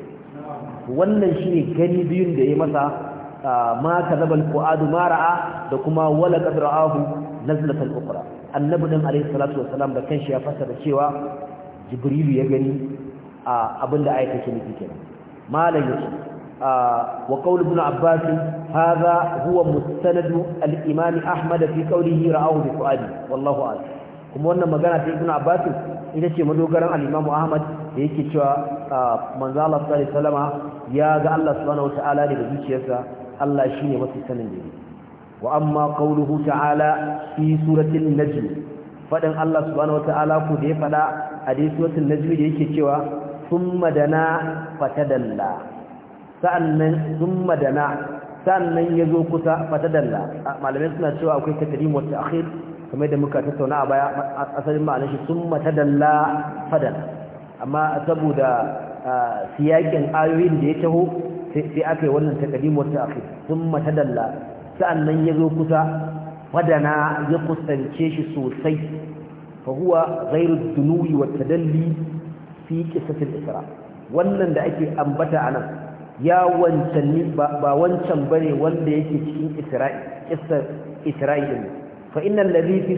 wannan shine gani biyun da ya masa ma kazabal fuadu ma ra'a da kuma wala qad ra'ahu nazlatan ukhra annabi din alayhi salatu wassalam da kanshi ya fassara cewa jibrilu ya gani abinda ayata ke nufi kenan malam yace wa qaul ibn abbas hadha huwa mustanad al-imam ahmad fi qawlihi ra'ahu bi fuadi wallahu a'lam kuma wannan magana ta ibn abbas ita ce madogaran al-Imam Ahmad da yake cewa ah, manzo Allah sallallahu alaihi ya ga Allah subhanahu wataala daga zuciyarsa Allah shine mafi sanin da wa amma qawluhu ta'ala fi suratil najm fadan Allah subhanahu wataala ku da ya faɗa a dai suratul najm da yake cewa thumma dana fatadalla sa'annan thumma dana sannan zo kusa fatadalla malamai suna cewa akwai takrim wa ta'khir kamar da muka tattauna a baya asalin ma'anar shi sun matadalla fadal amma saboda ah, siyakin ayoyin da ya taho sai aka yi wannan takadimu wata ake sun matadalla sa'annan ya zo kusa fadana ya kusance shi sosai fa huwa ghairu dunuwi wa tadalli fi qisatil isra wannan da ake ambata anan ya wancan ba wancan bane wanda yake cikin isra'i qissar isra'i fa innal ladhi fi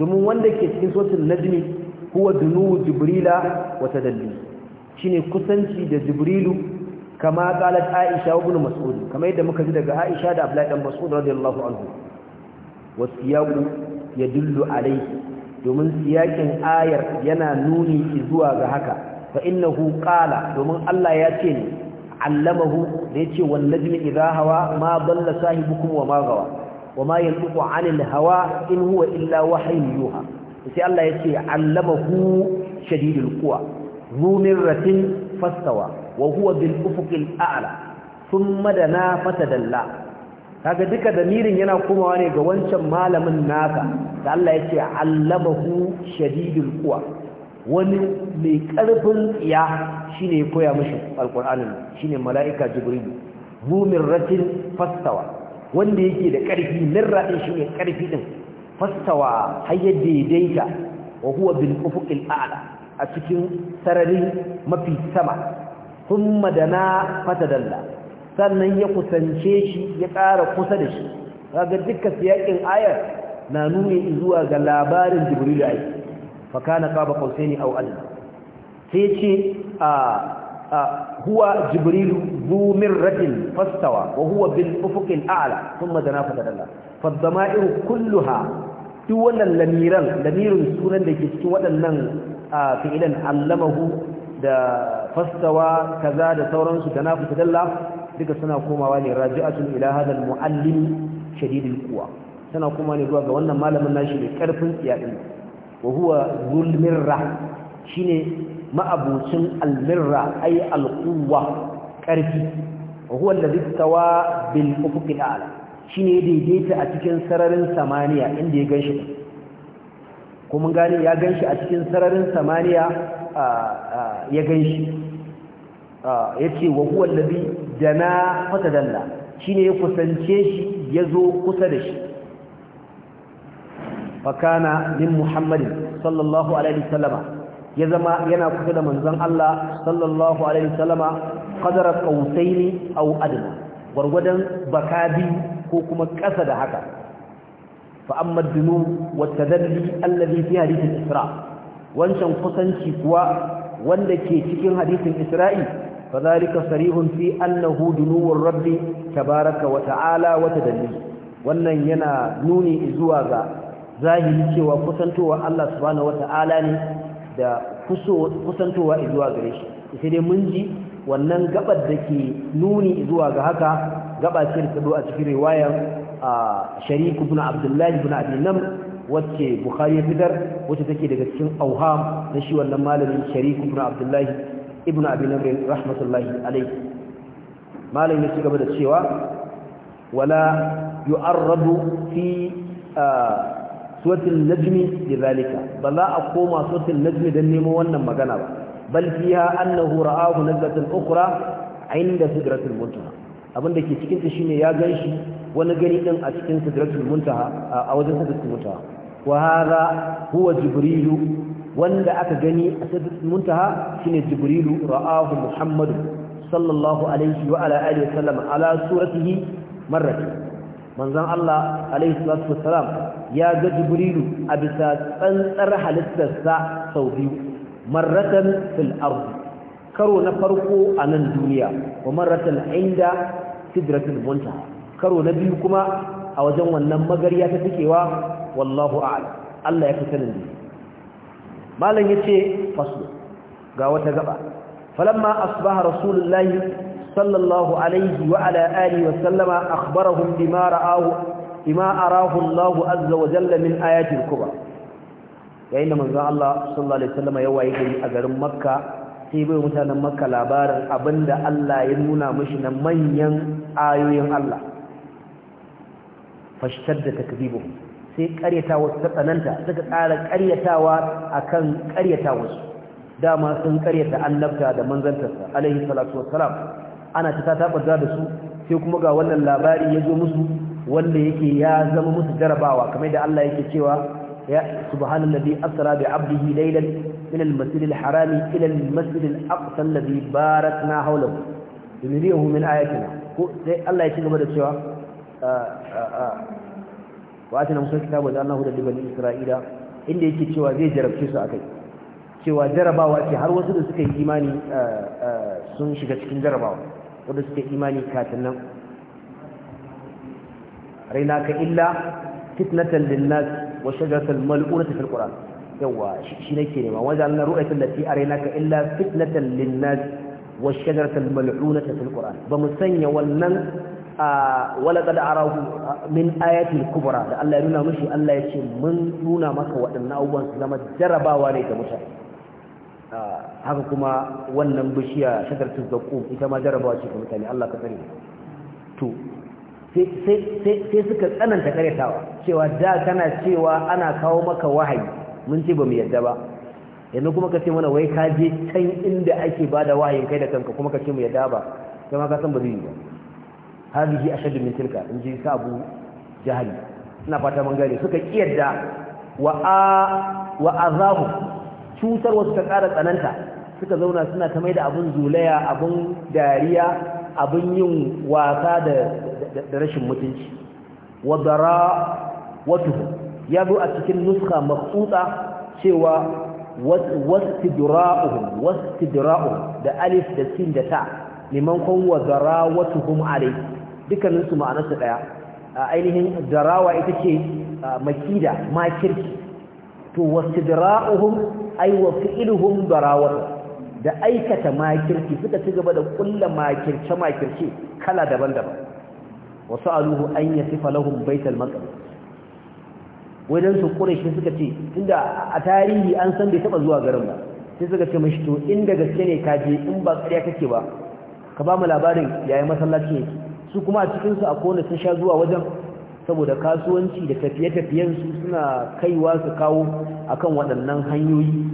domin wanda ke cikin sotin najm kuwa dunu jibrila wa tadalli shine kusanci da jibrilu kama qalat aisha ibn mas'ud kama yadda muka ji daga aisha da abdullahi dan mas'ud radiyallahu anhu wasiyaqu yadullu alayhi domin siyakin ayar yana nuni zuwa ga haka fa Hu, kala domin Allah ya ce ni allamahu da yace wal najmi idha hawa ma balla sahi wa magawa? wa ma yantiqu anil hawa in huwa illa wahyun yuha sai Allah yace allamahu shadidul quwa zumiratin Wahuwa wa huwa bil ufuqil a'la na dana dalla. kaga duka damirin yana komawa ne ga wancan malamin naka da Allah yace allamahu shadidul quwa wani mai ƙarfin tsiya shine ya koya mishi alqur'anin shine mala'ika jibril zumiratin fastawa wanda yake da ƙarfi mirra shi shine ƙarfi ɗin fastawa hayya daidaita wa huwa bil ufuqil a'la a cikin sarari mafi sama na fata dalla. sannan ya kusance shi ya ƙara kusa da shi kaga dukkan siyaƙin ayar na nuni zuwa ga labarin jibril ai fa kana qaba qausaini aw adna sai ce a ah, huwa jibrilu zu mirratin fastawa wa huwa bil ufuqil a'la thumma dana fa tadalla fa dhama'iru kulluha duk wannan lamiran lamirin sunan da ke cikin waɗannan fi'ilan allamahu da fastawa kaza da sauransu dana fa tadalla duka suna komawa ne raji'atun ila hadha al muallim shadidul quwa suna komawa ne zuwa ga wannan malamin nashi mai karfin tsiya din wa huwa zulmirra shine ma'abucin almirra ay alquwa karfi huwa allazi tawa bil ufuq al shine daidaita a cikin sararin samaniya inda ya ganshi Kuma mun gane ya ganshi a cikin sararin samaniya ya ganshi Ya ce wa huwa allazi dana fatadalla shine ya kusance shi ya zo kusa da shi fakana min muhammadin sallallahu alaihi wasallama ya zama yana kusa da manzon Allah sallallahu alaihi wasallama qadara qausaini aw adna gurgudan bakabi ko kuma ƙasa da haka fa amma dunu wa tadalli alladhi fi hadith al-isra wancan kusanci kuwa wanda ke cikin hadisin isra'i fa zalika sarihun fi annahu dunuwur rabbi tabaraka wa ta'ala wa tadalli wannan yana nuni zuwa ga zahiri cewa kusantowa Allah subhanahu wa ta'ala ne da kusantowa zuwa gare shi sai dai mun ji wannan gabar da ke nuni zuwa ga haka gaba ce da a cikin riwayar shariku ibn abdullahi ibn abi nam wacce bukhari ya fitar wacce take daga cikin auham na shi wannan malamin shariku ibn abdullahi ibn abi nam rahmatullahi alayhi malamin ya ci gaba da cewa wala yu'arradu fi suratul najmi lidhalika ba za a koma suratul najmi dan nemo wannan magana ba bal fiya annahu ra'ahu nazlatan ukhra inda sidratul muntaha abinda ke cikin ta shine ya ganshi wani gani din a cikin sidratul muntaha a wajen sidratul muntaha wa hadha huwa jibrilu wanda aka gani a sidratul muntaha shine jibrilu ra'ahu muhammadu sallallahu alaihi wa ala alihi wasallam ala suratihi marratayn manzon Allah alaihi salatu wassalam ya ga jibrilu a bisa tsantsar halittarsa sau biyu marratan fil ard karo na farko a nan duniya wa marratan inda sidratul muntaha karo na biyu kuma a wajen wannan magariya ta fikewa wallahu a'lam Allah ya fita nan ne malam yace fasl ga wata gaba falamma asbaha rasulullahi صلى الله عليه وعلى آله وسلم أخبرهم بما رآه بما أراه الله عز وجل من آيات الكبرى yayin da manzon Allah sallallahu alaihi wasallam ya waye gari a garin Makka sai bai mutanen Makka labarin abinda Allah ya nuna mishi na manyan ayoyin Allah Fashtar da takdibu sai karyatawa ta tsananta suka ƙara karyatawa akan karyatawa dama sun karyata annabta da manzantarsa alaihi salatu wassalam ana ta tabarza da su sai kuma ga wannan labari ya zo musu wanda yake ya zama musu jarabawa kamar da Allah yake cewa ya subhanallazi asra bi abdihi laylan min al-masjid al-harami ila al-masjid al-aqsa alladhi barakna hawlahu yuriyahu min ayatina ko sai Allah ya ci gaba da cewa ah, ah, ah. wa atina musa kitabu da annahu da bani isra'ila inda yake cewa zai jarabce su akai cewa jarabawa ce har wasu da suka yi imani sun shiga cikin jarabawa wanda suke imani katin nan raina ka illa fitnatan linnas wa shajaratal mal'unata fil qur'an yawa shi nake nema wajalna ru'atul lati arainaka illa fitnatan linnas wa shajaratal mal'unata fil qur'an ba mu sanya wannan wala qad arahu min ayatil kubra da Allah ya nuna mushi Allah ya ce mun nuna maka waɗannan abubuwan su zama jarabawa ne ga mutane haka kuma wannan bishiya shakar zaƙo ita ma jarabawa ce ga mutane Allah ka tsare to sai suka tsananta karyatawa cewa da kana cewa ana kawo maka wahayi mun ce ba mu yadda ba yanzu kuma ka ce mana wai ka je can inda ake ba da wahayin kai da kanka kuma ka ce mu yadda ba sai ma ka san ba zai yi ba hadisi ashadu min tilka in ji sabu jahali ina fata mun gane suka kiyarda wa a wa cutar wasu ta ƙara tsananta suka zauna suna ta mai da abin zulaya abin dariya abin yin wasa da rashin mutunci wadara watu ya zo a cikin nuska makuta cewa wastidra'uhum wastidra'uhum da alif da sin da ta limankon wadara watuhum alai dukkaninsu ma'anarsu ɗaya A ainihin darawa ita ce makida makirki to wastidra'uhum ai wa fi'luhum da aikata makirci suka ci gaba da kulla makirce makirce kala daban-daban wasu aluhu an yasifa lahum baitul maqdis wajen su quraishi suka ce tunda a tarihi an san bai taba zuwa garin ba sai suka ce mashi to inda gaske ne ka je in ba ƙarya kake ba ka ba mu labarin yayin masallaci su kuma a cikin su a kone sun sha zuwa wajen saboda kasuwanci da tafiye tafiyen su suna kaiwa su kawo akan waɗannan hanyoyi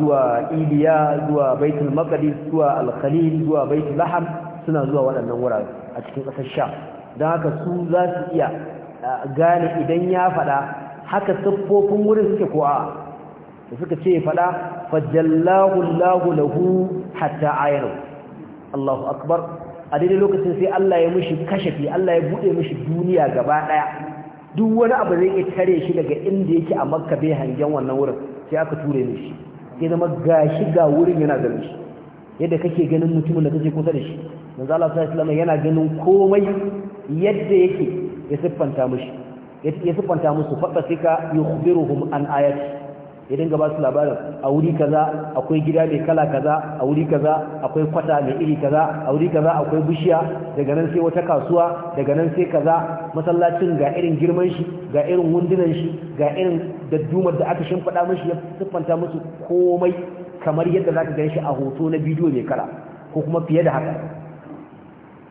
zuwa iliya zuwa baitul maqdis zuwa al-khalil zuwa baitul laham suna zuwa waɗannan wurare a cikin ƙasar sha don haka su za su iya gane idan ya faɗa haka siffofin wurin suke ko a da suka ce faɗa fajallahu lahu lahu, hatta ayanu Allahu akbar a daidai lokacin sai Allah ya mishi kashafi Allah ya buɗe mishi duniya gaba ɗaya. duk wani abu zai iya tare shi daga inda yake a Makka bai hangen wannan wurin sai aka ture mishi sai zama gashi ga wurin yana da shi yadda kake ganin mutumin da kake kusa da shi manzo Allah sallallahu alaihi yana ganin komai yadda yake ya siffanta mushi ya siffanta musu fadda sika yukhbiruhum an ayati idan ga ba su labarin a wuri kaza akwai gida mai kala kaza a wuri kaza akwai kwata mai iri kaza a wuri kaza akwai bishiya daga nan sai wata kasuwa daga nan sai kaza masallacin ga irin girman shi ga irin wundunan shi ga irin daddumar da aka shimfada mishi ya siffanta musu komai kamar yadda za ka gan a hoto na bidiyo mai kala ko kuma fiye da haka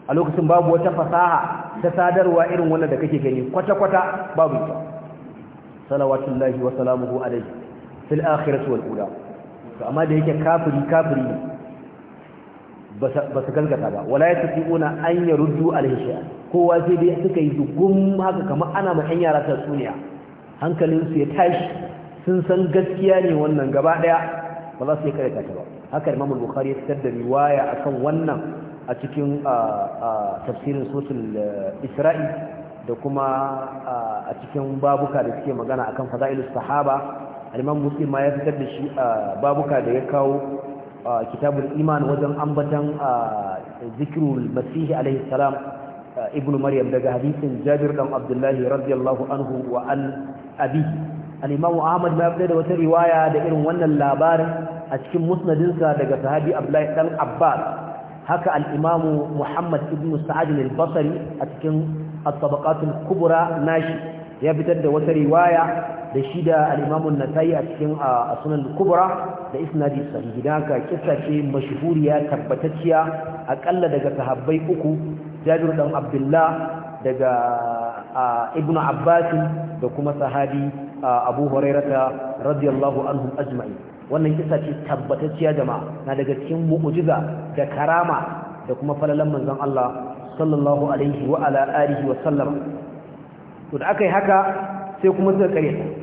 a lokacin babu wata fasaha ta sadarwa irin wannan da kake gani kwata-kwata babu ita salawatullahi wa salamuhu alaihi fil akhirati wal ula to da yake kafiri kafiri ba su galgata ba wala ya tafi una an sai dai suka yi dugun haka kamar ana ma 'yan yara ta tsuniya hankalinsu ya tashi sun san gaskiya ne wannan gaba daya ba za su yi karanta ta ba haka imamul bukhari ya fitar da riwaya akan wannan a cikin tafsirin sosul eh, isra'i da kuma a cikin babuka da suke magana akan fada'ilus sahaba alman muslim ma ya fitar da shi a babuka da ya kawo kitabul iman wajen ambatan zikirul masihi alaihi salam ibnu maryam daga hadisin jabir dan abdullahi radiyallahu anhu wa an abi al-imam ahmad ma fitar da wata riwaya da irin wannan labarin a cikin musnadinsa daga sahabi abdullahi dan abbas haka al imamu muhammad ibnu sa'ad al-basri a cikin at-tabaqat al-kubra nashi ya fitar da wata riwaya da shida, da na nasa'i a cikin a sunan kubra da isnadi sahihi da haka kissa ce mashhuriya tabbatacciya akalla daga sahabbai uku jabir dan abdullah daga ibnu abbas da kuma sahabi abu hurairata radiyallahu anhu ajma'in wannan kissa ce tabbatacciya jama'a na daga cikin mu'jiza da karama da kuma falalan manzon Allah sallallahu alaihi wa ala alihi wa sallam to da akai haka sai kuma suka kare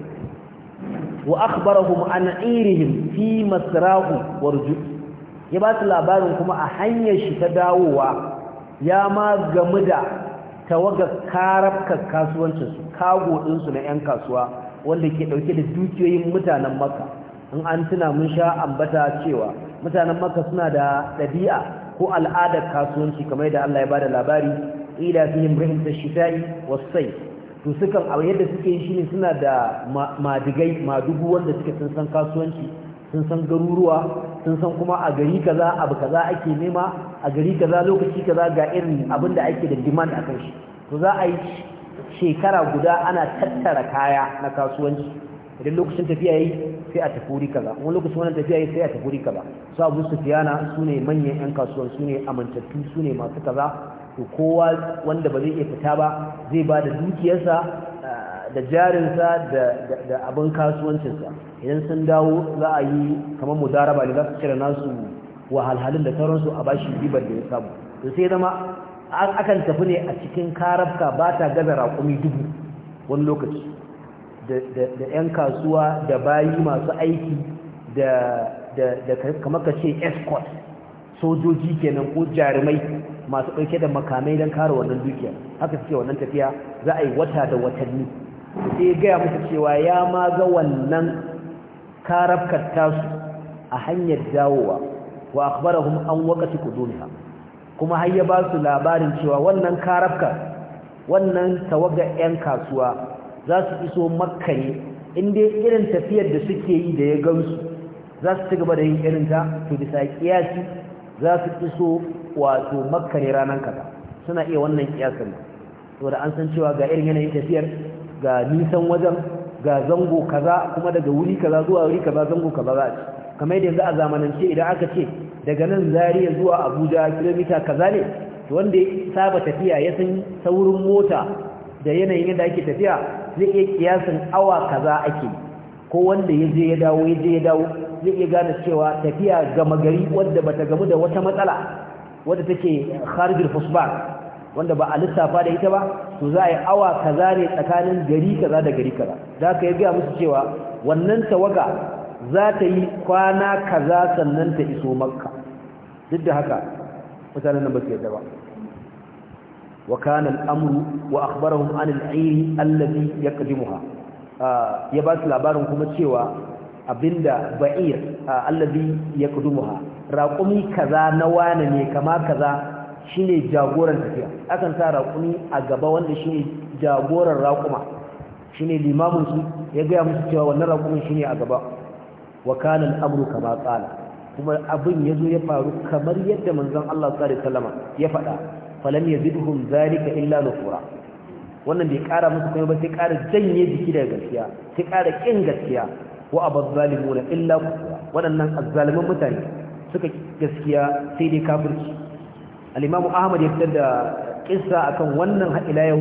wa akhbarahum an irihim fi masrahu warju ya ba su labarin kuma a hanyar shi ta dawowa ya ma gamu da tawagar karabkar kasuwancinsu kago ɗinsu na 'yan kasuwa wanda ke ɗauke da dukiyoyin mutanen maka in an tuna mun sha ambata cewa mutanen maka suna da ɗabi'a ko al'adar kasuwanci kamar yadda Allah ya ba da labari ila fihim rahimta shita'i was sayf to sukan a yadda suke yi shine suna da madigai madugu wanda suke sun san kasuwanci sun san garuruwa sun san kuma a gari kaza abu kaza ake nema a gari kaza lokaci kaza ga irin abin da ake da demand a kan shi to za a yi shekara guda ana tattara kaya na kasuwanci idan lokacin tafiya yayi sai a tafi wuri kaza wani lokacin wannan tafiya yayi sai a tafi wuri kaza su abu su fiyana su manyan yan kasuwan sune ne amintattu sune masu kaza to kowa wanda ba zai iya fita ba zai ba da dukiyarsa da jarinsa da abin kasuwancinsa idan sun dawo za a yi kamar mudaraba ne za su cire nasu wahalhalun da sauransu a bashi ribar da ya samu to sai zama akan tafi ne a cikin karabka ba ta gaza raƙumi dubu wani lokaci da 'yan kasuwa da bayi masu aiki da kamar ka ce escort sojoji kenan ko jarumai masu ɗauke da makamai don kare wannan dukiya haka suke wannan tafiya za a yi wata da watanni sai gaya musu cewa ya ma ga wannan karafkar tasu a hanyar dawowa wa akhbarahum an ku duniya kuma har ya ba su labarin cewa wannan karafkar wannan tawaga yan kasuwa za su iso makkani inda irin tafiyar da suke yi da ya gansu za su ci gaba da yin irin ta to bisa kiyasi za su iso wato makka ne ranar kaza suna iya wannan kiyasin saboda an san cewa ga irin yanayin tafiyar ga nisan wajen ga zango kaza kuma daga wuri kaza zuwa wuri kaza zango kaza za a ci kamar yadda yanzu a zamanance idan aka ce daga nan zariya zuwa abuja kilomita kaza ne wanda saba tafiya ya san saurin mota da yanayin yadda ake tafiya zai iya kiyasin awa kaza ake ko wanda ya je ya dawo ya je ya dawo zai iya gane cewa tafiya gama gari wadda bata gamu da wata matsala wadda take kharijul fusban wanda ba a lissafa da ita ba to za a yi awa kaza ne tsakanin gari kaza da gari kaza Za ka yi gaya musu cewa wannan tawaga za ta yi kwana kaza sannan ta iso makka duk da haka mutanen nan ba su yadda ba wa kana al'amru wa akhbarahum an al'iri allazi yaqdimuha ah, ya ba su labarin kuma cewa abinda ba'ir ah, allazi yaqdimuha raƙumi kaza na wane ne kama kaza shine jagoran tafiya akan sa raƙumi a gaba wanda shine jagoran raƙuma shine su ya gaya musu cewa wannan raƙumin shine a gaba wa kana al-amru kama qala kuma abin zo ya faru kamar yadda manzon Allah sallallahu alaihi ya faɗa falam zari ka illa nufura wannan bai ƙara musu kuma ba sai ƙara janye jiki daga gaskiya sai ƙara kin gaskiya wa abadh zalimuna illa kufra waɗannan azzalimin mutane suka gaskiya sai dai kafirci alimamu ahmad ya fitar da kisa akan wannan haɗila yau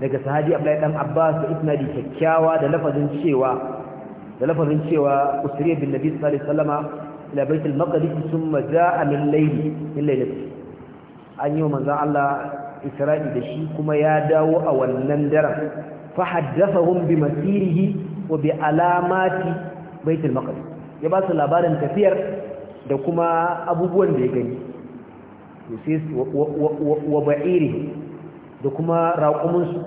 daga sahabi abdullahi dan abbas da isnadi kyakkyawa da lafazin cewa da lafazin cewa usriya bin nabi sallallahu alaihi wasallama ila baitul maqdis thumma jaa min layli min laylati an yi manzo Allah isra'i da shi kuma ya dawo a wannan daren fa haddathahum bi masirihi wa bi alamati baitul maqdis ya ba su labarin tafiyar da kuma abubuwan da ya gani wa ba'iri da kuma raƙuminsu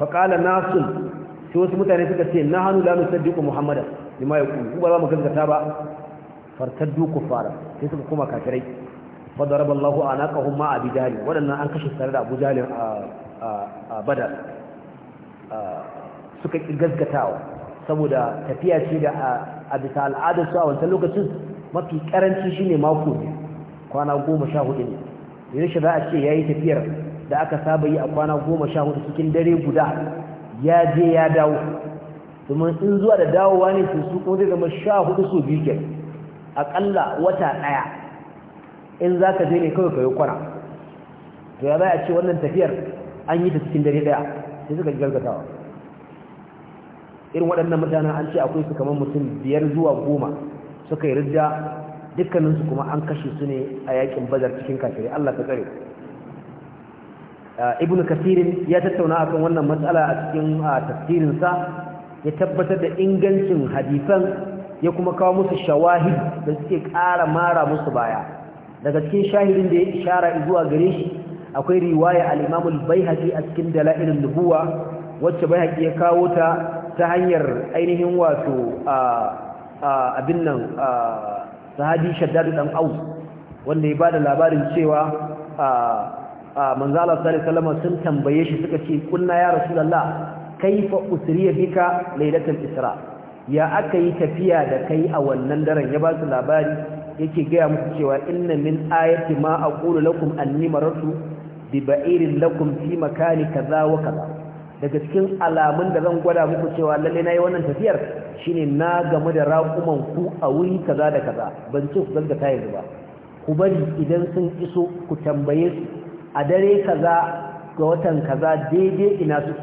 faƙala nasun sai wasu mutane suka ce na hannu lanu saddiku muhammada lima ya ƙungu ba za mu gaskata ba Fartar ku fara sai suka kuma kafirai fadda raballahu a naƙahun ma a bijali waɗannan an kashe tare da abu jalin a badar suka ƙi gaskatawa saboda tafiya ce da a bisa al'adarsu a wancan lokacin mafi karanci shine mako kwana goma sha hudu ne yaushe za a ce ya yi tafiyar da aka saba yi a kwana goma sha hudu cikin dare guda ya je ya dawo domin in zuwa da dawowa ne su su kuma zai zama sha hudu su biyu ke aƙalla wata ɗaya in za ka je ne kawai ka yi kwana to ya za a ce wannan tafiyar an yi ta cikin dare ɗaya sai suka ji gargatawa irin waɗannan mutanen an ce akwai su kamar mutum biyar zuwa goma suka yi ridda dukkaninsu kuma an kashe su ne a yakin bazar cikin kafirai Allah ka tsare ah, ibnu kasirin ya tattauna akan wannan matsala a cikin ah, tafsirin sa ya tabbatar da ingancin hadisan ya kuma kawo musu shawahid da suke ƙara mara musu baya daga cikin shahidin da ya ishara zuwa gare shi akwai riwaya al-imam al-baihaqi a cikin al nubuwa wacce baihaqi ya kawo ta ta hanyar ainihin wato ah, abin nan sahabi shaddadu ɗan au wanda ya ba da labarin cewa manzala sallallahu alaihi sun tambaye shi suka ce kunna ya kai fa usriya bika lailatul isra ya aka yi tafiya da kai a wannan daren ya ba su labari yake gaya musu cewa inna min ayati ma aqulu lakum anni marartu bi ba'irin lakum fi makani kaza wa kaza daga cikin alamun da zan gwada muku cewa lalle nayi wannan tafiyar shine na gamu da raƙuman ku a wuri kaza da kaza ban ce ku zanga ta yanzu ba ku bari idan sun iso ku tambaye su a dare kaza ga watan kaza daidai ina su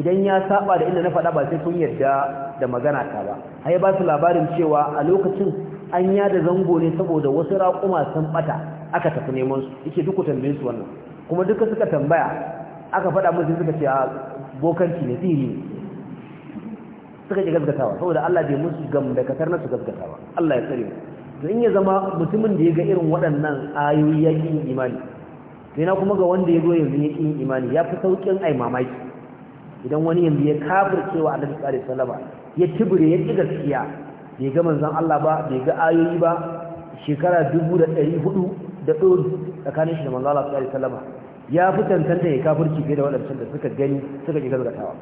idan ya saba da inda na faɗa ba sai kun yarda da magana ta ba har ba su labarin cewa a lokacin an da zango ne saboda wasu raƙuma sun bata aka tafi neman su yake duk ku tambaye su wannan kuma duka suka tambaya aka faɗa musu suka ce a bokanci ne sihiri suka ce gaskatawa saboda Allah bai musu gam da katar nasu ba. Allah ya tsare mu to in ya zama mutumin da ya ga irin waɗannan ayoyi ya ƙin imani sai na kuma ga wanda ya zo yanzu ya ƙin imani ya fi saukin ai mamaki idan wani yanzu ya kafirce wa Annabi sallallahu alaihi ya tibire ya ƙi gaskiya bai ga manzon Allah ba bai ga ayoyi ba shekara dubu da ɗari hudu da ɗori tsakanin shi da manzon Allah sallallahu alaihi wasallam ya fi tantanta ya kafirci fiye da waɗancan da suka gani suka ƙi gazgatawa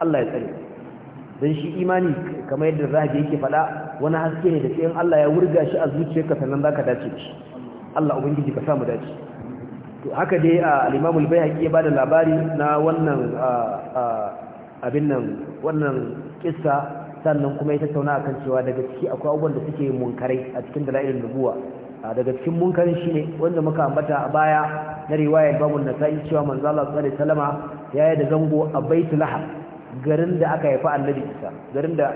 Allah ya tsare don shi imani kamar yadda zahabi yake faɗa wani haske ne da sai Allah ya wurga shi a zuciyarka sannan za ka dace da shi Allah ubangiji ka samu dace to haka dai a imam bai haƙi ya da labari na wannan abin nan wannan kissa sannan kuma ya tattauna akan cewa daga ciki akwai abubuwan da suke munkarai a cikin dalailin nubuwa daga cikin munkarin ne wanda muka ambata a baya na riwayar babu nasa'i cewa manzo Allah sallallahu alaihi ya yayi da zango a baitul lahab garin da aka haifa annabi isa garin da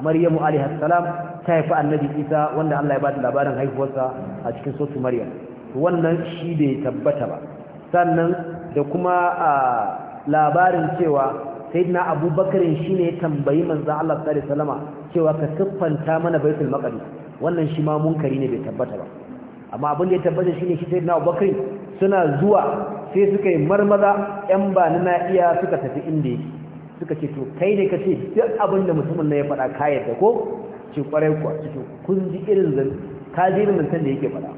maryamu alaihi salam ta haifa annabi isa wanda Allah ya bada labarin haihuwarsa a cikin sosu maryam wannan shi bai tabbata ba sannan da kuma labarin cewa sayyidina abubakar shine ne tambayi manzo Allah sallallahu alaihi wasallam cewa ka siffanta mana baitul maqdis wannan shi ma munkari ne bai tabbata ba amma abin da ya tabbata shine shi sayyidina Abubakar suna zuwa sai suka yi marmaza yan ba na iya suka tafi inda yake suka ce to kai ne kace duk abin da mutumin na ya faɗa ka yadda ko ce kwarai kuwa ce kun ji irin zan ka ji irin mutan da yake faɗa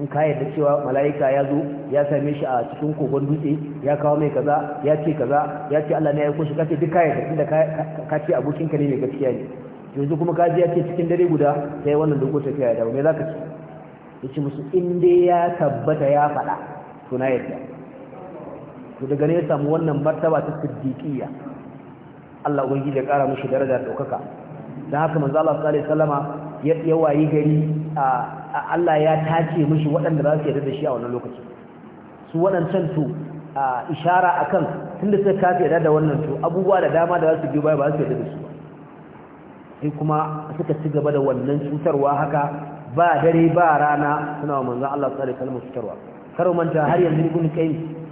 in ka yadda cewa mala'ika ya zo ya same shi a cikin kogon dutse ya kawo mai kaza ya ce kaza ya ce Allah ne ya aiko shi kace duk ka yadda tunda ka ce abokinka ne mai gaskiya ne yanzu kuma kaji ya ce cikin dare guda ta yi wannan duk tafiya ya dawo me za ka ce ya ce musu inda ya tabbata ya faɗa to na yadda to daga ne samu wannan martaba ta siddiqiyya Allah ubangiji ya ƙara mishi daraja da ɗaukaka don haka manzo Allah sallallahu alaihi wasallama ya wayi gari a Allah ya tace mishi waɗanda za su yarda da shi a wannan lokaci su waɗancan to ishara akan tunda suka kafi yarda da wannan to abubuwa da dama da za su biyo baya ba su yarda da su ba sai kuma suka ci gaba da wannan cutarwa haka ba dare ba rana suna wa manzon Allah sallallahu alaihi wasallam cutarwa karo manta har yanzu ibn kai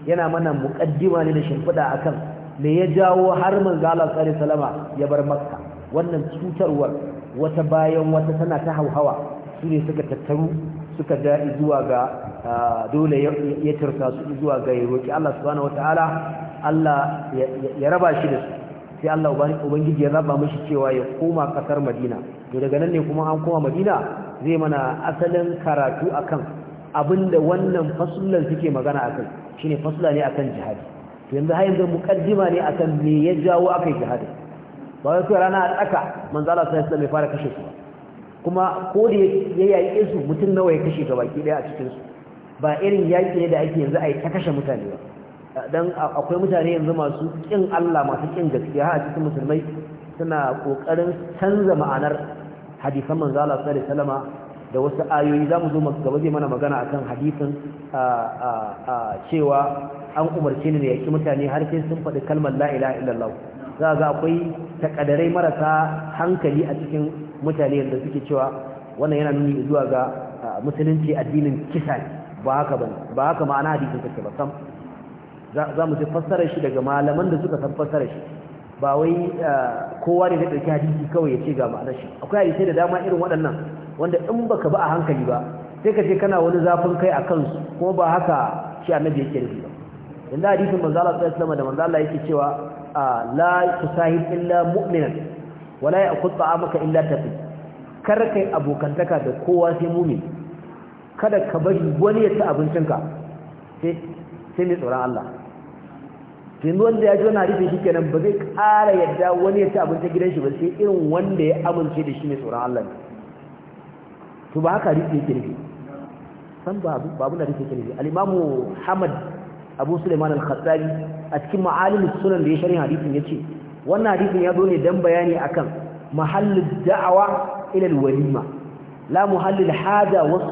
yana mana muqaddima ne da fada akan me ya jawo har manzon Allah sallallahu alaihi ya bar makka wannan cutarwa wata bayan wata tana ta hauhawa su ne suka tattaru suka da zuwa ga dole ya su zuwa ga roki Allah subhanahu wataala Allah ya raba shi da su sai Allah ubangiji ya zaba mishi cewa ya koma kasar Madina to daga nan ne kuma an koma Madina zai mana asalin karatu akan abinda wannan fasulan suke magana akan shine fasula ne akan jihadi to yanzu har yanzu mukaddima ne akan me ya jawo akai jihadi ba wai sai rana tsaka manzo Allah sai sai fara kashe su kuma ko da ya yaƙe su mutum nawa ya kashe gabaki daya a cikin su ba irin yaƙi ne da ake yanzu a yi ta kashe mutane ba dan akwai mutane yanzu masu kin Allah masu kin gaskiya a cikin musulmai suna kokarin canza ma'anar hadisan manzo Allah sallallahu alaihi wasallama da wasu ayoyi zamu zo gaba zai mana magana akan hadisin cewa an umarce ni ne yaki mutane har sai sun faɗi kalmar la ilaha illallah za ga akwai takadarai marasa hankali a cikin mutane da suke cewa wannan yana nuni zuwa ga musulunci addinin kisa ba haka ba haka ma'ana hadisin take ba sam za mu ji fassarar shi daga malaman da suka san fassarar shi ba wai eh, kowa ne da ɗauki hadisi kawai ya ce ga ma'anar shi akwai hadisai da dama irin waɗannan wanda in baka ba a hankali ba sai ka ce kana wani zafin kai a kansu kuma ba haka shi annabi yake nufi ba yanzu hadisin manzo Allah sallallahu alaihi da manzo Allah yake cewa ah, la tusahib illa mu'minan wala ya'khudh ta'amaka illa tafi kar kai abokantaka da kowa sai mu'min kada ka bari wani ya ci abincinka sai sai mai tsoron Allah yanzu wanda ya ji wani hadisi shi kenan ba zai ƙara yadda wani ya ci abinci gidan shi ba sai irin wanda ya amince da shi mai tsoron Allah ne to ba haka hadisi yake nufi san ba Babu na hadisi yake nufi al-imamu Hamad Abu Suleiman al-Khattabi a cikin ma'alim sunan da ya sharhi ya ce. wannan hadisin ya zo ne dan bayani akan mahallud da'awa ila walima la muhallul hada was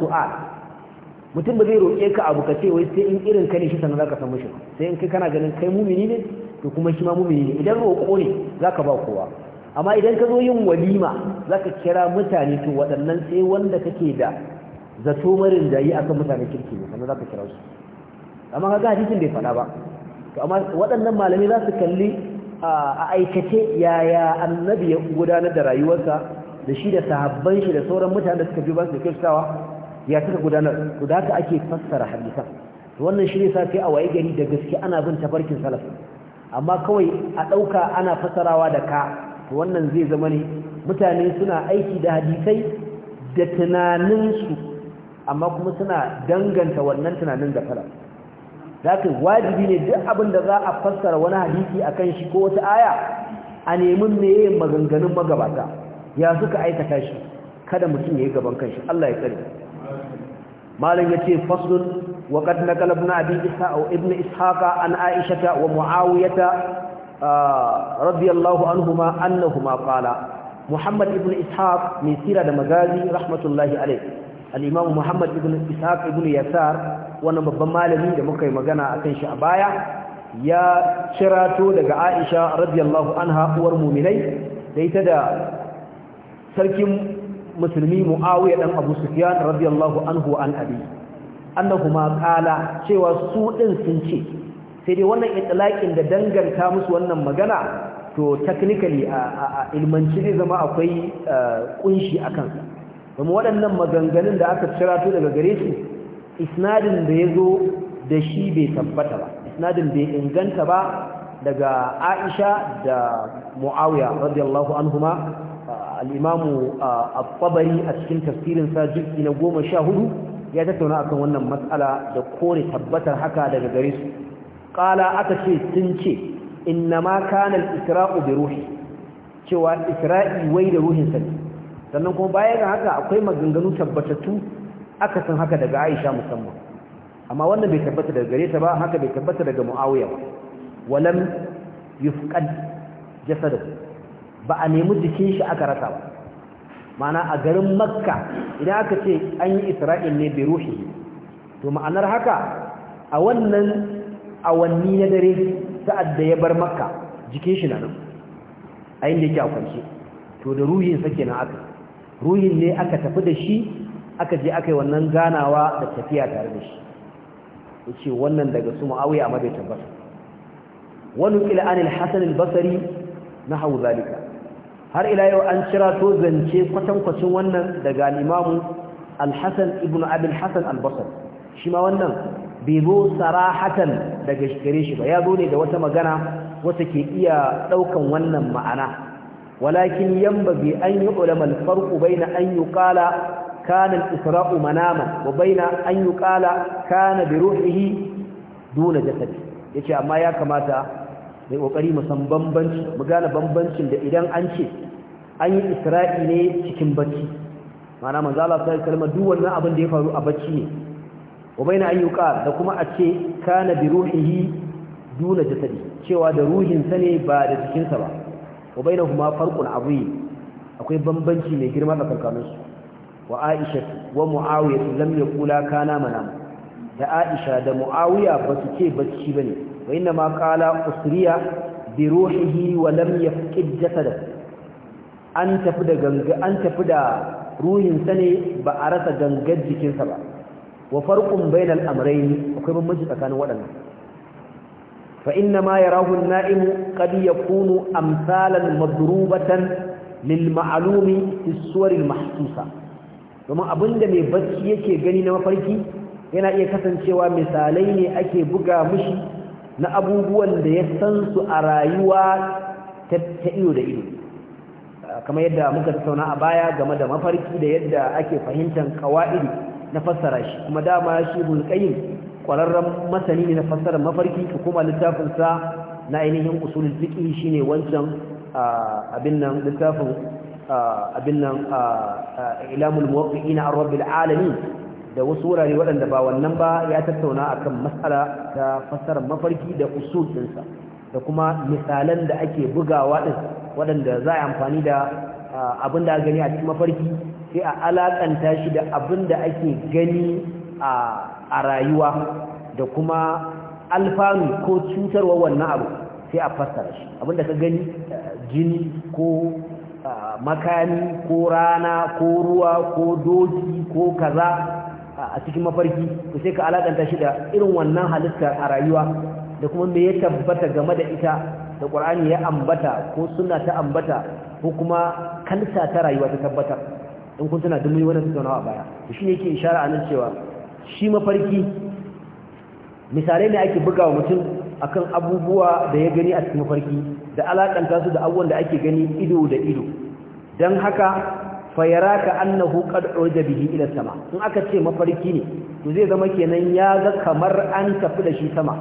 mutum ba zai roƙe ka abu ka ce wai sai in irin ka ne shi sannan zaka samu shi sai in kai kana ganin kai mumini ne to kuma shi ma mumini ne idan roƙo ne zaka ba kowa amma idan ka zo yin walima zaka kira mutane to waɗannan sai wanda kake da zato marin da yi akan mutane kirki ne sannan zaka kira su amma kaga hadisin bai faɗa ba to amma waɗannan malamai za su kalli a aikace yaya annabi ya gudanar da rayuwarsa da shi da sahabban shi da sauran mutanen da suka bi ba su da kyautawa ya suka gudanar to da haka ake fassara hadisan wannan shi ne sa sai a waye gari da gaske ana bin tafarkin salaf amma kawai a ɗauka ana fassarawa da ka to wannan zai zama ne mutane suna aiki da hadisai da tunaninsu amma kuma suna danganta wannan tunanin da fara zaka wajibi ne duk abin da za a fassara wani hadisi akan shi ko wata aya a nemi yayin maganganun magabata ya suka aikata shi kada mutum ya yi gaban kanshi Allah ya tsare malam yace faslun wa qad naqala na abi isa aw ibn ishaqa an wa muawiyata ah, radiyallahu anhuma annahuma qala muhammad ibn ishaq mai sira da magazi rahmatullahi alayhi al-imam muhammad ibn ishaq ibn yasar wannan babban malami da muka yi magana akan shi a baya ya cirato daga aisha radiyallahu anha uwar mu'minai da ita da sarkin musulmi muawiya dan abu sufyan radiyallahu anhu an abi annahuma qala cewa su din sun ce sai dai wannan itlaqin da danganta musu wannan magana to technically a ilmanci zai zama akwai eh, kunshi akan kuma waɗannan maganganun da aka cirato daga gare su isnadin da yazo da shi bai tabbata ba isnadin bai inganta ba daga Aisha da Muawiya radiyallahu anhuma Imamu a tsabari a cikin tafsirinsa jirgi na goma sha hudu ya tattauna akan wannan matsala da kore tabbatar haka daga gare su ƙala aka ce sun ce inna ma kanar isra'u bi ruhi cewa isra'i wai da ruhin sani sannan kuma baya ga haka akwai maganganu tabbatattu aka san haka daga aisha musamman amma wannan bai tabbata daga gare ta ba haka bai tabbata daga mu'awiya ba walam yufqad jasadahu ba a nemi jikin shi aka rasa ba mana a garin makka idan aka ce an yi isra'il ne bai ruhi to ma'anar haka a wannan awanni na dare sa'ad da ya bar makka jikin shi na nan a yin da yake a kwance to da ruhinsa kenan aka ruhin ne aka tafi da shi aka je aka yi wannan ganawa da tafiya tare da shi ya ce wannan daga su ma'awai a mabai tabbata wani ƙila'anil hasanin basari na hau zalika har ila yau an cira to zance kwatankwacin wannan daga al-imamu al-hasan ibn abul hasan al-basri shi ma wannan bai zo sarahatan daga gare shi ba ya zo ne da wata magana wata ke iya daukan wannan ma'ana walakin yanbaghi an yi ulama farko baina an yi kana kanin israu manama wa baina an ƙala kana bi ruhihi duna jasadi yace amma ya kamata mai kokari mu san bambanci mu gane bambancin da idan an ce an yi isra'i ne cikin bacci mana manzo Allah sai kalmar duk wannan abin da ya faru a bacci ne wa baina ayyuka da kuma a ce kana bi ruhihi duna jasadi cewa da ruhin sa ne ba da cikin sa ba wa bainahuma farqun abuyi akwai bambanci mai girma tsakanin su wa Aisha wa Muawiya lam yaqula kana manam da Aisha da Muawiya ba su ce bacci bane wa inna ma qala usriya bi ruhihi wa lam yafqid jasada an tafi da ruhinsa ne ba a rasa gangar jikinsa ba wa farqun bainal amrayn akwai bambanci tsakanin waɗannan fa inna ma yarahu an-na'imu qad yakunu amsalan madrubatan lil ma'lumi fi suwar mahsusa domin abinda mai bacci yake gani na mafarki yana iya kasancewa misalai ne ake buga mushi na abubuwan da ya san su a rayuwa ta ido da ido kamar yadda muka tattauna a baya game da mafarki da yadda ake fahimtar kawa'idi na fassara shi kuma dama shi bulƙayin ƙwararren masani ne na fassarar mafarki ka kuma littafinsa na ainihin usulul fiqh shine wancan abin nan littafin abin nan ilamul muwaqqi'ina ar-rabbil alamin da wasu wurare waɗanda ba wannan ba ya tattauna a kan matsala ta fassarar mafarki da usul da kuma misalan da ake bugawa ɗin waɗanda za a yi amfani da abin da gani a cikin mafarki sai a alaƙanta shi da abin da ake gani a rayuwa da kuma alfanu ko cutarwa wannan abu sai a fassara shi abin da ka gani jini ko makami ko rana ko ruwa ko doki ko kaza a cikin mafarki ku sai ka alakanta shi da irin wannan halitta a rayuwa da kuma me ya tabbata game da ita da Qur'ani ya ambata ko sunna ta ambata ko kuma kalsa ta rayuwa ta tabbata in kun tana dumi wannan tattaunawa a baya to shi yake ishara anan cewa shi mafarki misalai ne ake bugawa mutum akan abubuwa da ya gani a cikin mafarki da alakanta su da abubuwan da ake gani ido da ido dan haka fayaraka annahu qad da bihi ila sama in aka ce mafarki ne to zai zama kenan ya ga kamar an tafi da shi sama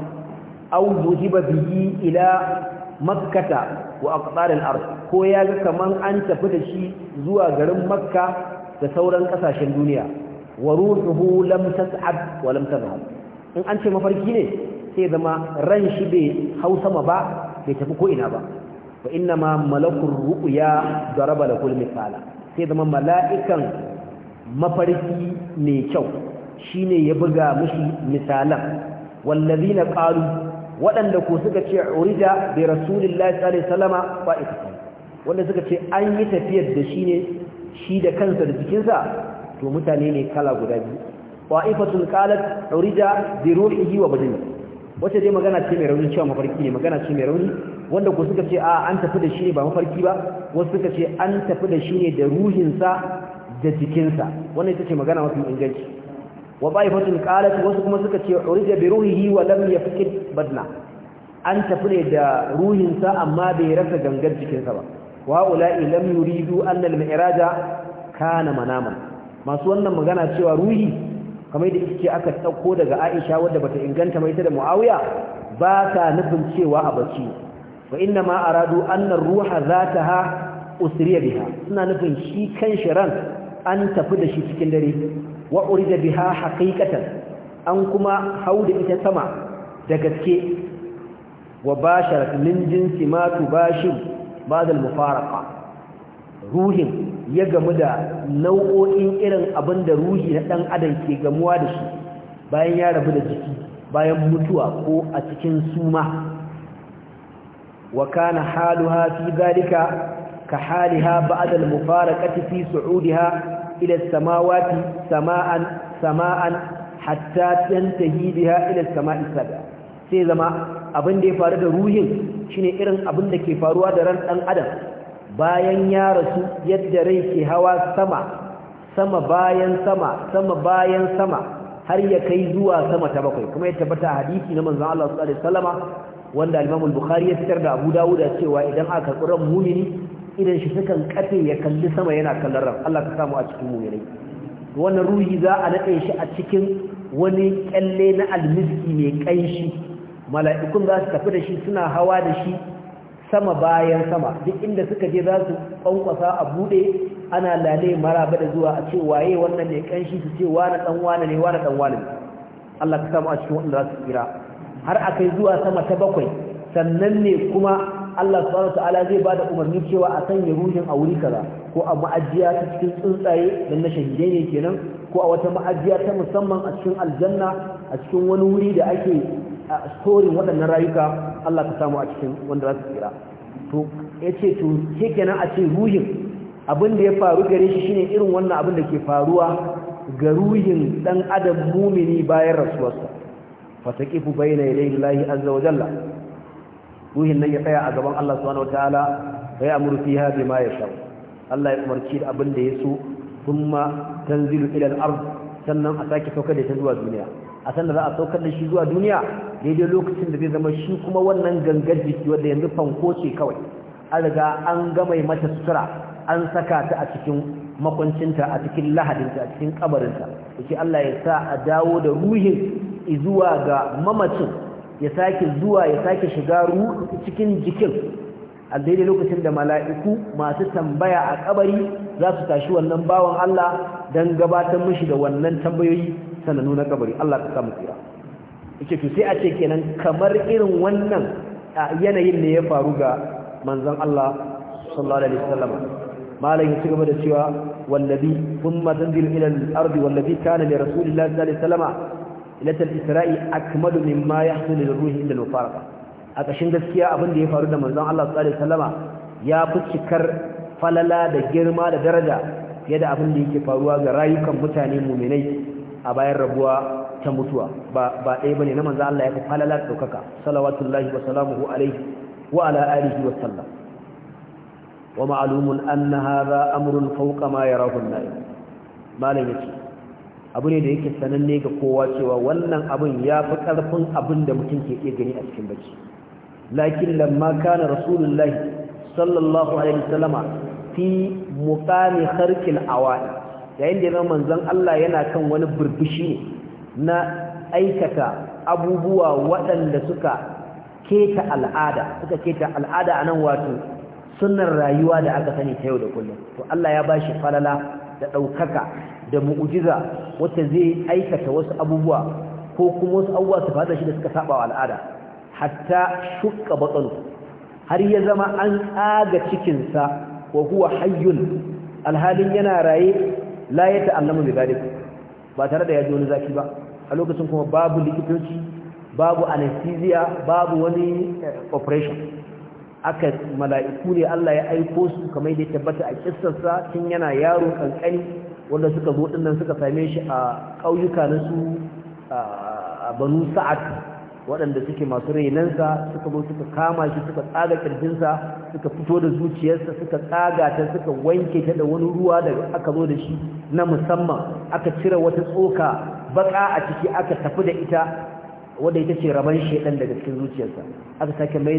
aw zuhiba bihi ila makkata wa aqtar al-ard ko ya ga kaman an tafi da shi zuwa garin makka da sauran kasashen duniya wa ruhuhu lam tas'ab wa lam tadhhab in an ce mafarki ne sai zama ran shi bai hau sama ba bai tafi ko ina ba fa inna ma malakul ru'ya daraba lakul fala. sai zama mala'ikan mafarki mai kyau shine ya buga mashi misalan na ƙaru waɗanda ko suka ce da bi rasulillahi salama ba ita fa'ifatan wanda suka ce an yi tafiyar da shi ne shi da kansa da jikinsa to mutane ne kala guda biyu fa'ifatun da urida bi yi wa badani wace dai magana ce mai rauni cewa mafarki ne magana ce mai rauni wanda ku suka ce a an tafi da shi ne ba mafarki ba wasu suka ce an tafi da shi ne da ruhinsa da jikinsa wannan ita ce magana mafi inganci wa ba'ifatun qalat wasu kuma suka ce urija bi ruhihi wa lam yafqid badna an tafi ne da ruhinsa amma bai rasa gangar jikinsa ba wa ula'i lam yuridu an al-mi'raja kana manaman masu wannan magana cewa ruhi kamar da yake aka ɗauko daga Aisha wadda bata inganta mai ta da Muawiya ba ta nufin cewa a bacci wa inna ma aradu annar ruha zataha usriya biha suna nufin shi kan shiran an tafi da shi cikin dare wa da biha haqiqatan an kuma hau da ita sama da gaske wa basharat min jinsi ma tubashir ba'da al-mufaraqa ruhin ya gamu da nau'o'in irin abin da ruhi na dan adam ke gamuwa da shi bayan ya rabu da jiki bayan mutuwa ko a cikin suma wa kana haluha fi dhalika ka haliha ba'da al-mufaraqati fi su'udiha ila as-samawati sama'an sama'an hatta tantahi ila sai zama abin da ya faru da ruhin shine irin abin da ke faruwa da ran dan adam bayan ya rasu yadda rai ke hawa sama sama bayan sama sama bayan sama har ya kai zuwa sama ta bakwai kuma ya tabbata hadisi na manzon Allah sallallahu alaihi wasallama wanda al-Imam ya fitar da Abu Dawud cewa idan aka karɓi mumini idan shi sukan kafe ya kalli sama yana kallon ran Allah ka samu a cikin muminai wannan ruhi za a nade shi a cikin wani kyalle na almiski mai kanshi mala'ikun za su tafi da shi suna hawa da shi sama bayan sama duk inda suka je za su kwankwasa a bude ana lale maraba da zuwa a ce waye wannan mai kanshi su ce wani dan wani ne wani dan wani Allah ka samu a cikin wanda za su tsira har yi zuwa sama ta bakwai sannan ne kuma Allah subhanahu wataala zai bada umarni cewa a sanya ruhin a wuri kaza ko a ma'ajiya ta cikin tsuntsaye dan na shahidai ne kenan ko a wata ma'ajiya ta musamman a cikin aljanna a cikin wani wuri da ake a storin waɗannan rayuka Allah ka samu a cikin wanda za su tsira to yace to ke kenan a ce ruhin abin da ya faru gare shi shine irin wannan abin da ke faruwa ga ruhin dan adam mumini bayan rasuwarsa fataqifu bayna yadayi lahi azza wa jalla ruhin nan ya tsaya a gaban Allah subhanahu wataala fa ya'muru fiha bima yasha Allah ya umarci da abin da ya so kuma tanzilu ila al-ard sannan a sake saukar da ta zuwa duniya a sanda za a saukar da shi zuwa duniya daidai lokacin da zai zama shi kuma wannan gangar jiki wanda yanzu fanko ce kawai an riga an gama mata sutura an saka ta a cikin makwancinta a cikin lahadinta a cikin kabarinta yake Allah ya sa a dawo da ruhin zuwa ga mamacin ya sake zuwa ya sake shiga cikin jikin a lokacin da mala'iku masu tambaya a kabari za su tashi wannan bawan Allah don gabatar mishi da wannan tambayoyi sanannu na kabari Allah ka samu tsira yake to sai a ce kenan kamar irin wannan yanayin ne ya faru ga manzon Allah sallallahu alaihi wasallam malam ya ci gaba da cewa wallabi thumma tanzilu ila al-ardi wallabi kana li rasulillahi sallallahu alaihi wasallam ilatul isra'i akmalu mimma yahsul lil ruhi inda al-mufaraqa a kashin gaskiya abin da ya faru da manzon Allah sallallahu alaihi wasallama ya fi cikar falala da girma da daraja fiye da abin da yake faruwa ga rayukan mutane mu'minai a bayan rabuwa ta mutuwa ba ba ɗaya bane na manzon Allah ya fi falala da daukaka salawatullahi wa salamuhu alaihi wa ala alihi wa sallam ومعلوم أن هذا أمر فوق ما يراه النائم ما لا يتيه abu ne da yake sananne ga kowa cewa wannan abin ya fi ƙarfin abin da mutum ke iya gani a cikin bacci lakin lamma kana rasulullahi sallallahu alaihi wasallama fi muqami kharqil awai yayin da manzon Allah yana kan wani burbushi na aikata abubuwa waɗanda suka keta al'ada suka keta al'ada anan wato sunnar rayuwa da aka sani ta yau da kullum to Allah ya bashi falala da ɗaukaka da mu'ujiza wacce zai aikata wasu abubuwa ko kuma wasu abubuwa su fada shi da suka saba al'ada hatta shukka batsalu har ya zama an tsaga sa wa huwa hayyun alhalin yana raye la ya ta'allama bi dalik ba tare da ya ji wani zafi ba a lokacin kuma babu likitoci babu anesthesia babu wani eh, operation aka mala'iku ne Allah ya aiko su kamar da ya tabbata a kissarsa tun yana yaro kankani wanda suka zo dinnan suka same shi a ƙauyuka na su a banu sa'ad waɗanda suke masu renansa suka zo suka kama shi suka tsaga ƙirjinsa suka fito da zuciyarsa suka tsaga ta suka wanke ta da wani ruwa da aka zo da shi na musamman aka cire wata tsoka baka a ciki aka tafi da ita wadda ita ce raban shedan daga cikin zuciyarsa aka sake mai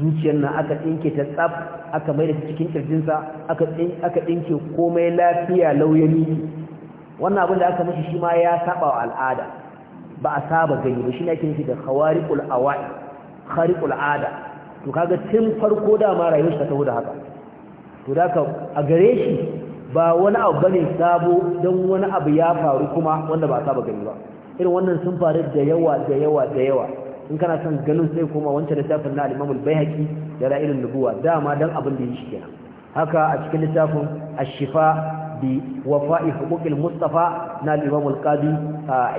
zuciyar nan aka tsinke ta tsaf aka mai da cikin kirjinsa aka ɗinke komai lafiya lauyani wannan abin da aka mashi shi ma ya saba wa al'ada ba a saba gani ba shi na ake da khawariqul ul'awai khariqul ada to kaga tun farko da ma shi ta taho da haka to da ka a gare shi ba wani abu bane sabo don wani abu ya faru kuma wanda ba a saba gani ba irin wannan sun faru da yawa da yawa da yawa in kana son ganin sai kuma wancan littafin na al-Imam al-Baihaqi da Ra'ilun Nubuwa dama dan abin da yake kenan haka a cikin littafin Ash-Shifa bi wafa'i huquqil Mustafa na al-Imam al-Qadi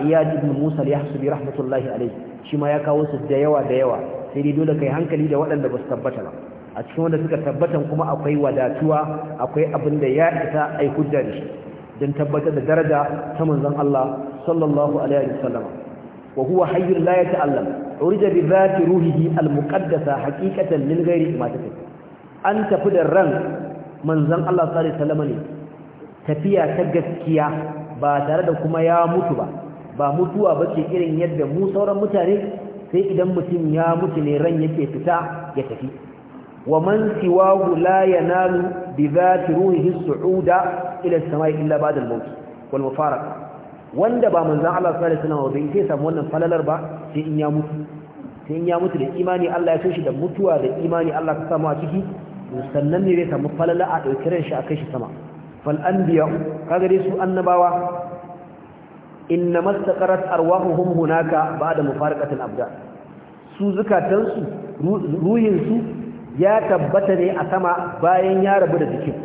Iyad ibn Musa al-Yahsubi rahmatullahi alayhi shi ma ya kawo su da yawa da yawa sai dai dole kai hankali da waɗanda ba su tabbata ba a cikin wanda suka tabbatan kuma akwai wadatuwa akwai abin da ya isa ai hujja da shi don tabbatar da daraja ta manzon Allah sallallahu alaihi wasallam wa huwa hayyun la yata'allam urija bi dhati al-muqaddasa haqiqatan min ghairi imatatin an tafi da ran manzon Allah sallallahu alaihi wasallam ne tafiya ta gaskiya ba tare da kuma ya mutu ba ba mutuwa ba bace irin yadda mu sauran mutane sai idan mutum ya mutu ne ran yake fita ya tafi wa man siwahu la yanalu bi dhati ruhihi as-su'uda ila as-sama'i illa ba'da wanda ba manzan Allah sallallahu alaihi wasallam bai sai samu wannan falalar ba sai in ya mutu sai in ya mutu da imani Allah ya so shi da mutuwa da imani Allah ka samu a ciki sannan ne zai samu falala a ɗauki ran shi a kai shi sama fal anbiya Ka dai su annabawa inna mastaqarat arwahuhum hunaka ba'da mufaraqatil abda su zukatan su ruhin su ya tabbata ne a sama bayan ya rabu da jikin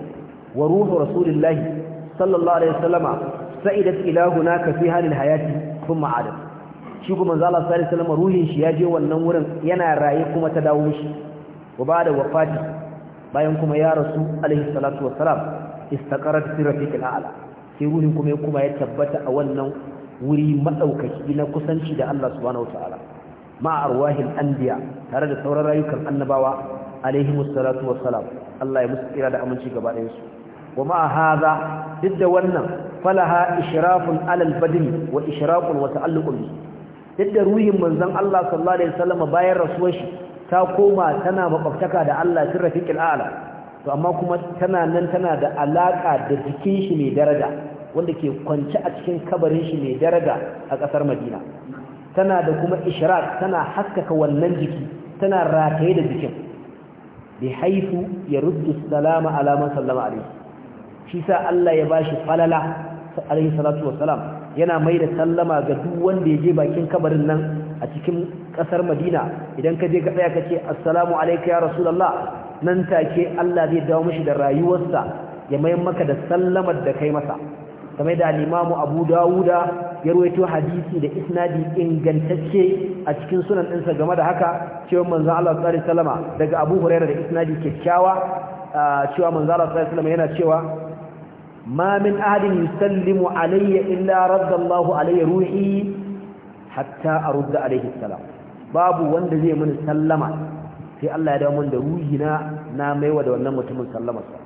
wa ruhu rasulillahi sallallahu alaihi wasallama sa'idat ila hunaka fi halil hayati thumma adat shi kuma manzo sallallahu alaihi wasallam ruhin shi ya je wannan wurin yana raye kuma ta dawo shi wa ba da wafati bayan kuma ya rasu alaihi salatu wassalam istaqarat fi rafiqil a'la sai ruhin kuma ya kuma ya tabbata a wannan wuri madaukaki na kusanci da Allah subhanahu wataala ma arwahil anbiya tare da sauran rayukan annabawa alaihi salatu wassalam Allah ya musu tsira da aminci gaba ɗayan su wa a haza duk da wannan falaha ishrafun alal badni wa ishrafun wa ta'alluqun duk da ruhin manzon Allah sallallahu alaihi wasallam bayan rasuwar shi ta koma tana makwabtaka da Allah sun fiqil a'la to amma kuma tana nan tana da alaƙa da jikin shi mai daraja wanda ke kwance a cikin kabarin shi mai daraja a ƙasar Madina tana da kuma ishraq tana haskaka wannan jiki tana rataye da jikin bi haifu ya ruddu salama ala sallama alaihi shi sa Allah ya bashi falala alaihi salatu wassalam yana mai da sallama ga duk wanda ya je bakin kabarin nan a cikin kasar Madina idan ka je ka tsaya ka ce assalamu alayka ya rasulullah nan take Allah zai dawo mishi da rayuwarsa ya mai maka da sallamar da kai masa kamar da al-Imam Abu Dawuda ya rawaito hadisi da isnadi ingantacce a cikin sunan ɗinsa game da haka cewa manzo Allah sallallahu alaihi wasallama daga Abu Hurairah da isnadi kyakkyawa cewa manzo Allah sallallahu alaihi wasallama yana cewa Mamin min ahadin yusallimu alayya illa radda Allahu ruhi hatta arudda alayhi salam babu wanda zai mun sallama sai Allah ya dawo mun da ruhi na maiwa da wannan mutumin sallamarsa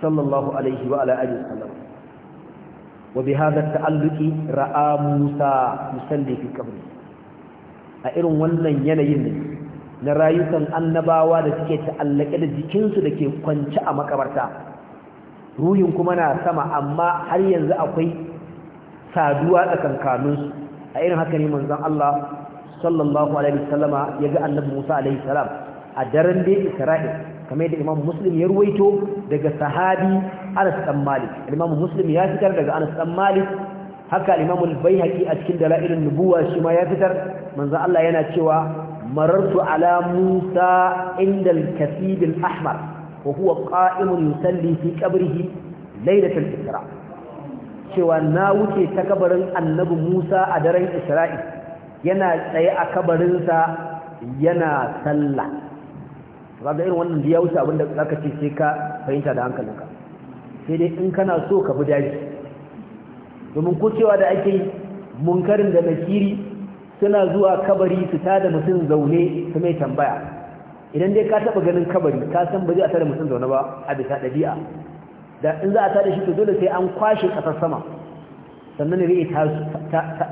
sallallahu alaihi wa ala alihi sallam wa bi hadha ta'alluqi ra'a Musa yusalli fi qabri a irin wannan yanayin ne na rayukan annabawa da suke ta'allake da jikinsu da ke kwance a makabarta ruhin kuma na sama amma har yanzu akwai saduwa tsakankaninsu a irin haka ne manzan Allah sallallahu alaihi wasallama yaga annabi Musa alaihi salam a daren da Isra'il kamar yadda Imam Muslim ya ruwaito daga sahabi Anas dan Malik Imam Muslim ya fitar daga Anas dan Malik haka Imam al-Baihaqi a cikin dalailun nubuwa shi ma ya fitar manzon Allah yana cewa marartu ala Musa inda al-kasib al-ahmar wa huwa qa'imun yusalli fi qabrihi lailatul cewa na wuce ta kabarin annabi Musa a daren israil yana tsaye a kabarinsa yana sallah kaga irin wannan da ya wuce abinda ka ce sai ka fahimta da hankalinka sai dai in kana so ka bi daji domin kucewa da ake munkarin da nakiri suna zuwa kabari su tada mutum zaune su mai tambaya idan dai ka taba ganin kabari ka san ba zai a tare mutum zaune ba a bisa ɗabi'a da in za a tare shi to dole sai an kwashe ƙasar sama sannan rai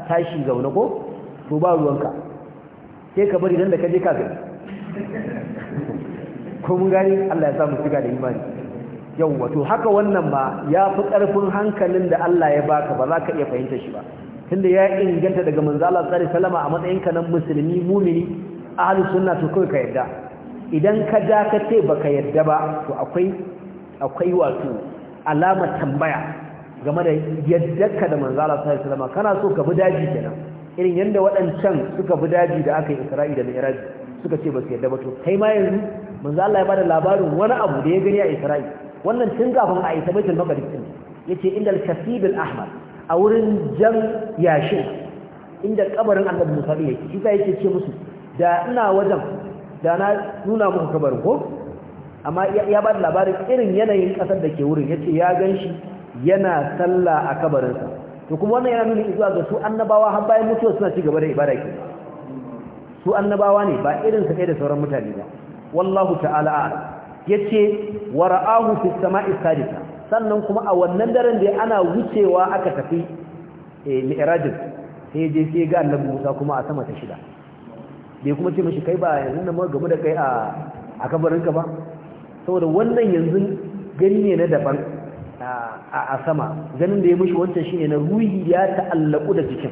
tashi zaune ko to ba ruwanka sai ka bari nan da ka je ka gani ko mun gani Allah ya sa mu shiga da imani yawwa to haka wannan ma ya fi ƙarfin hankalin da Allah ya baka ba za ka iya fahimta shi ba tunda ya inganta daga manzo Allah sallallahu alaihi wasallam a matsayinka nan musulmi mumini ahlus sunna to kai ka yadda idan ka ja ka ce baka yadda ba to akwai akwai wato alamar tambaya game da ka da manzo Allah sallallahu alaihi wasallam kana so ka bi daji kenan irin yanda waɗancan suka bi daji da aka yi Isra'i da Mi'raj suka ce ba su yadda ba to kai ma yanzu manzo Allah ya bada labarin wani abu da ya gani a Isra'i wannan tun kafin a isa bakin Maqdis din yace inda al-kasib al-ahmar a wurin jan yashin inda kabarin Annabi Musa yake shi yake ce musu da ina wajen da na nuna muku kabarin ko amma ya ba da labarin irin yanayin kasar da ke wurin ce ya ganshi yana sallah a kabarinsa to kuma wannan yana nuna izuwa ga su annabawa har bayan mutuwa suna ci gaba da ibada ke su annabawa ne ba irin sa kai da sauran mutane ba wallahu ta'ala ce yace ra'ahu fi sama'i sadiqa sannan kuma a wannan daren da ana wucewa aka tafi eh, mi'rajin sai je sai ga annabi Musa kuma a sama ta shida bai kuma ce mashi kai ba yanzu na maka gaba da kai a kabarinka ba saboda wannan yanzu gani ne na daban a sama ganin da ya mashi wancan shi ne na ruhi ya ta'allaku da jikin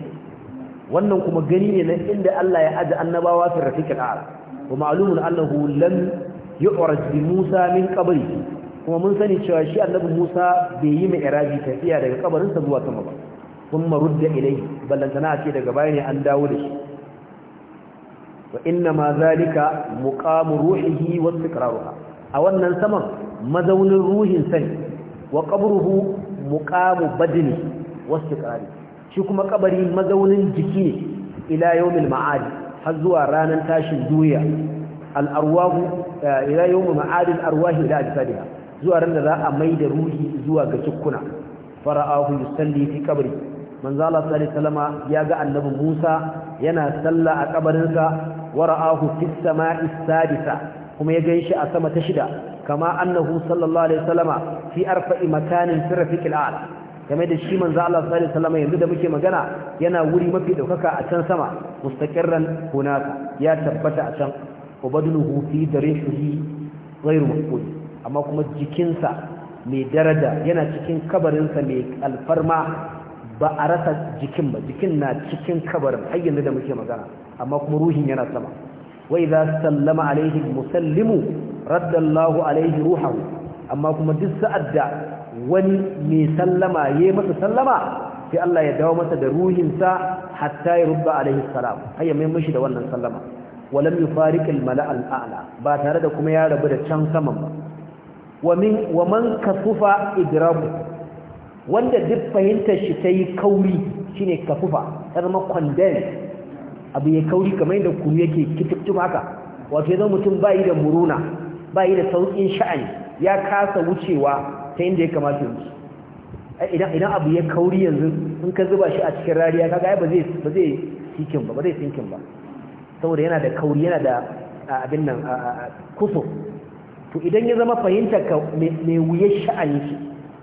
wannan kuma gani ne na inda Allah ya aji annabawa fi rafiqil a'la wa Allah annahu lan yi bi Musa min ƙabari. kuma mun sani cewa shi annabi Musa bai yi mai irabi tafiya daga kabarinsa zuwa sama ba kuma rudda ilai ballantana a ce daga baya ne an dawo da shi wa inna ma zalika muqamu ruhihi wa istiqraruha a wannan saman mazaunin ruhin sani wa qabruhu muqamu badni wa istiqrari shi kuma kabari mazaunin jiki ne ila yawmil ma'ad har zuwa ranan tashin duniya al arwahu eh, ila yawm ma'ad al arwahi ila ajsadiha zuwa ran da za a maida ruhi zuwa ga cikkuna fara'ahu yusalli fi qabri manzo Allah sallallahu alaihi wasallama ya ga annabi Musa yana salla a kabarinsa wara'ahu fis sama'i sadisa kuma ya gaishe a sama ta shida kama annahu sallallahu alaihi wasallama fi arfa'i makanin fi rafiqil a'la game da shi manzo Allah sallallahu alaihi wasallama yanzu da muke magana yana wuri mafi daukaka a can sama mustaqirran hunaka ya tabbata a can ubadluhu fi darihi ghairu maqbul amma kuma jikinsa mai daraja yana cikin kabarinsa mai alfarma ba a rasa jikin ba jikin na cikin kabarin har yanzu da muke magana amma kuma ruhin yana sama wa idza sallama alaihi musallimu raddallahu alaihi ruhahu amma kuma duk sa'ad da wani mai sallama yayi masa sallama sai Allah ya dawo masa da ruhinsa hatta ya rubba alaihi salam har ya mai mishi da wannan sallama walam yufariq al a'la ba tare da kuma ya rabu da can saman ba wa min wa man kasufa idrabu wanda duk fahimtar shi tayi kauri shine kafufa ta zama condemned abu ya kauri kamar yadda kuru yake kitiktum haka wato ya zama mutum bayi da muruna bayi da saukin sha'ani ya kasa wucewa ta da ya kamata wuce idan idan abu ya kauri yanzu in ka zuba shi a cikin rariya kaga ba zai ba zai sikin ba ba zai sinkin ba saboda yana da kauri yana da abin nan kufu to idan ya zama fahimta ka mai wuyar sha'ani shi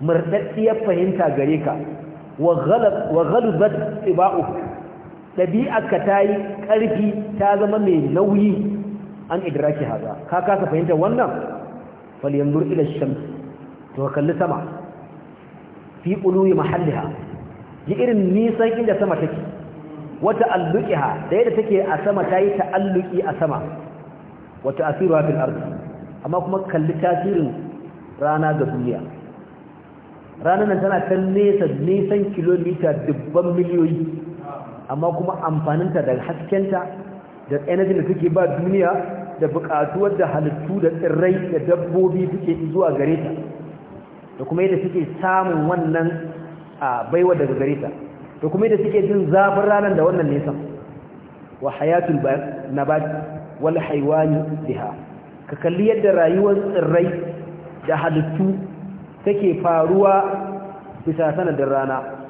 murdaddiyar fahimta gare ka wa ghalabat tiba'uka ɗabi'arka ta yi ƙarfi ta zama mai nauyi an idraki haza ka kasa fahimta wannan falyanzur ila shan to kalli sama fi quluyi mahalliha ji irin nisan inda sama take wata alluki ha, da yadda take a sama ta yi ta alluki a sama wata asiruha fil ardi amma kuma kalli tasirin rana ga duniya ranar nan tana kan nesa nisan kilomita dubban miliyoyi amma kuma amfaninta da haskenta da energy da suke ba duniya da buƙatuwar da halittu da tsirrai da dabbobi suke zuwa gare ta da kuma yadda suke samun wannan a baiwa daga gare ta da kuma yadda suke jin zafin ranar da wannan nesa wa hayatul nabat wal haywani biha ka kalli yadda rayuwar tsirrai da halittu take faruwa bisa sanadin rana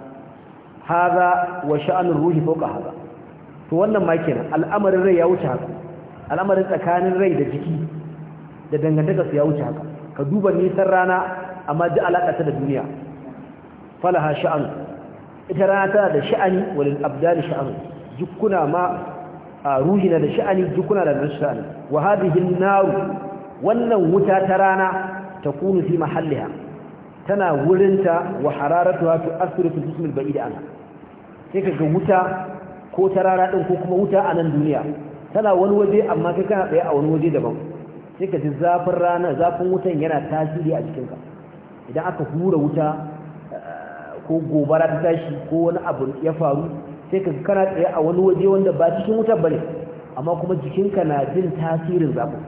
haza wa sha'anin ruhi fauka haza to wannan ma kenan al'amarin rai ya wuce haka al'amarin tsakanin rai da jiki da dangantaka su ya wuce haka ka duba nisan rana amma duk alaƙa ta da duniya falaha sha'an ita rana tana da sha'ani walil abdal sha'an jukuna ma ruhi na da sha'ani jukuna da sha'ani wa hadhihi an-nar wannan wuta ta rana takunu fi mahalliha tana wurinta wa hararatu hatu asiratu jismil ba'id an sai kaga wuta ko tarara din ko kuma wuta a nan duniya tana wani waje amma kai kana tsaye a wani waje daban sai ka ji zafin rana zafin wutan yana tasiri a jikinka idan aka hura wuta eh, ko gobara ta tashi ko wani abu ya faru sai ka kana tsaye a wani waje wanda ba cikin wutar bane amma kuma jikinka na jin tasirin zafin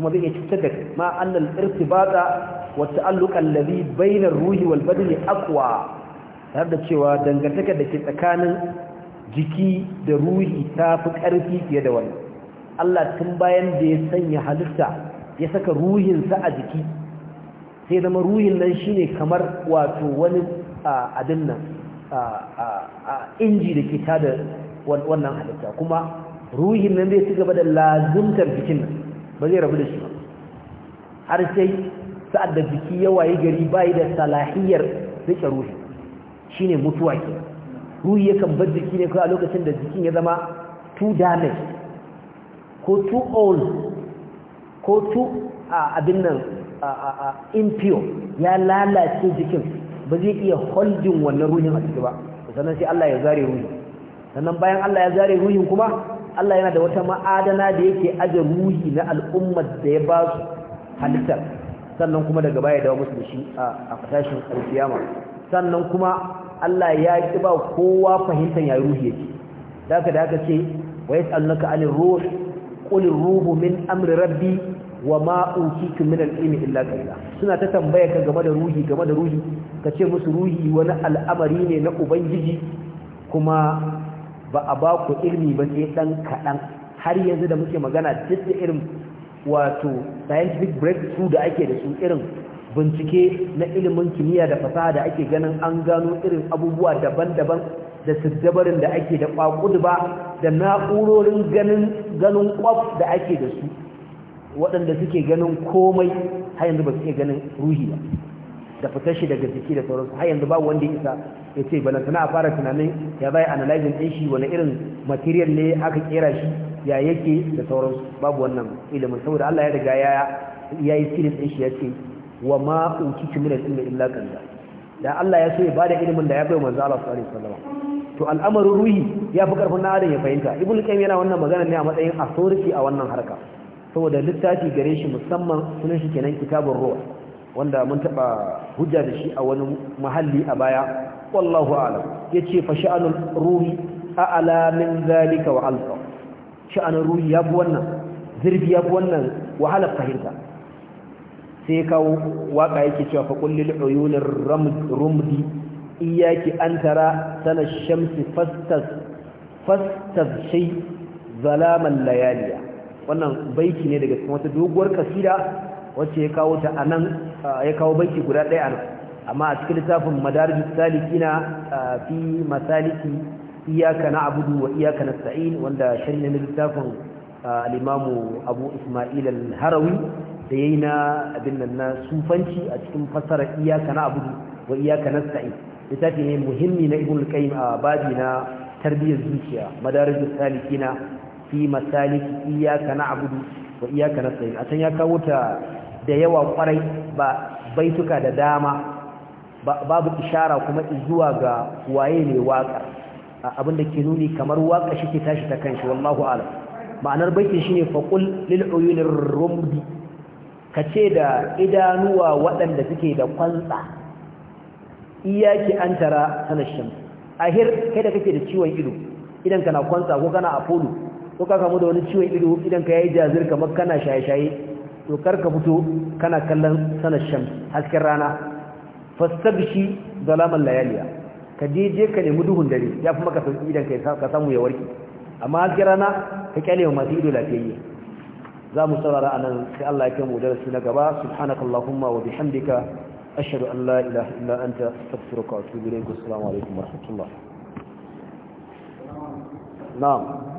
kuma zai iya cutar da ma annal irtibata والتألق الذي بين الروح والبدن أقوى هذا cewa dangantaka da ke tsakanin jiki da ruhi ta fi ƙarfi fiye da wani Allah tun bayan da ya sanya halitta ya saka ruhinsa a jiki sai zama ruhin nan shine kamar wato wani abin nan inji da ke tada wannan halitta kuma ruhin nan zai ci gaba da lazumtar jikin nan ba zai rabu da shi ba har sai sa'ad da jiki ya waye gari bayi da salahiyar rike ruhi shine mutuwa ke ruhi yakan bar jiki ne kawai a lokacin da jikin ya zama too damaged ko too old ko too abin nan impure ya lalace jikin ba zai iya holding wannan ruhin a ciki ba sannan sai Allah ya zare ruhi sannan bayan Allah ya zare ruhin kuma Allah yana da wata ma'adana da yake aje ruhi na al'ummar da ya ba su halittar sannan kuma daga baya dawo musu da shi a fasashin alfiyama sannan kuma Allah ya ki ba kowa fahimtar yayi ruhi yake daga da aka ce wa yas'alunaka alin ruh Ƙulin ruhu min amri rabbi wa ma'uki utitu min ilmi illa suna ta tambaya ka game da ruhi game da ruhi ka ce musu ruhi wani al'amari ne na ubangiji kuma ba a ba ku ilmi ba sai ɗan kaɗan. har yanzu da muke magana duk da irin wato scientific breakthrough da ake da su irin bincike na ilimin kimiyya da fasaha da ake ganin an gano irin abubuwa daban-daban da siddabarin da ake da ba da na'urorin ganin ganin kwaf da ake da su waɗanda suke ganin komai har yanzu ba suke ganin ruhi ba da fitar shi daga jiki da sauransu har yanzu ba wanda isa ya ce balantana a fara tunanin ya bai analyzing ɗin shi wani irin material ne aka kera shi ya yake da sauransu babu wannan ilimin saboda Allah ya riga ya ya yi in din shi ya ce wa ma utitu min ilmi illa qalla da Allah ya so ya bada ilimin da ya bai manzo Allah sallallahu alaihi wasallam to al'amarin ruhi ya fi karfin adam ya fahimta ibn qayyim yana wannan magana ne a matsayin authority a wannan harka saboda littafi gare shi musamman sunan shi kenan kitabun ruh wanda mun taba hujja da shi a wani mahalli a baya wallahu a'lam yace fa sha'anul ruhi a'la min zalika wa alfa ana ruhi ya fi wannan zirbi ya fi wannan wahalar fahimta sai ya kawo waka yake cewa fa kullil uyunir rumdi iyaki an tara sana shamsi fastas fastas shay zalaman layaliya wannan baiti ne daga cikin wata doguwar kasida wacce ya kawo ta anan ya kawo baiti guda ɗaya anan amma a cikin littafin madarijus salikina fi masaliki iyaka na abudu wa iyaka na wanda shari'a na littafin al'imamu abu ismail al-harawi da ya na na sufanci a cikin fasara iyaka na abudu wa iyaka na littafi ne muhimmi na ibn al-qayyim a babi na tarbiyyar zuciya madarijus salikina fi masalik iyaka na abudu wa iyaka na a can ya kawo ta da yawa kwarai ba baituka da dama babu ishara kuma zuwa ga waye ne waƙar abin da ke nuni kamar waka shi ke tashi ta kanshi wallahu alam ma'anar shi ne faqul lil uyunir Ka kace da idanuwa waɗanda suke da kwantsa iyaki an tara sanashin ahir kai da kake da ciwon ido idan kana kwantsa ko kana apolo ko ka kamu da wani ciwon ido idan ka yayi jazir kamar kana shaye-shaye to karka ka fito kana kallon sanashin hasken rana fastabshi zalaman layaliya ka je ka nemi duhun dare ya fi maka sauki idan ka samu ya warke amma hasken rana ka kyale wa masu ido lafiyayye za mu saurara a nan sai Allah ya kai mu darasi na gaba subhanakallahumma wa bihamdika ashhadu an la ilaha illa anta astaghfiruka wa atubu ilayk assalamu alaikum wa rahmatullah na'am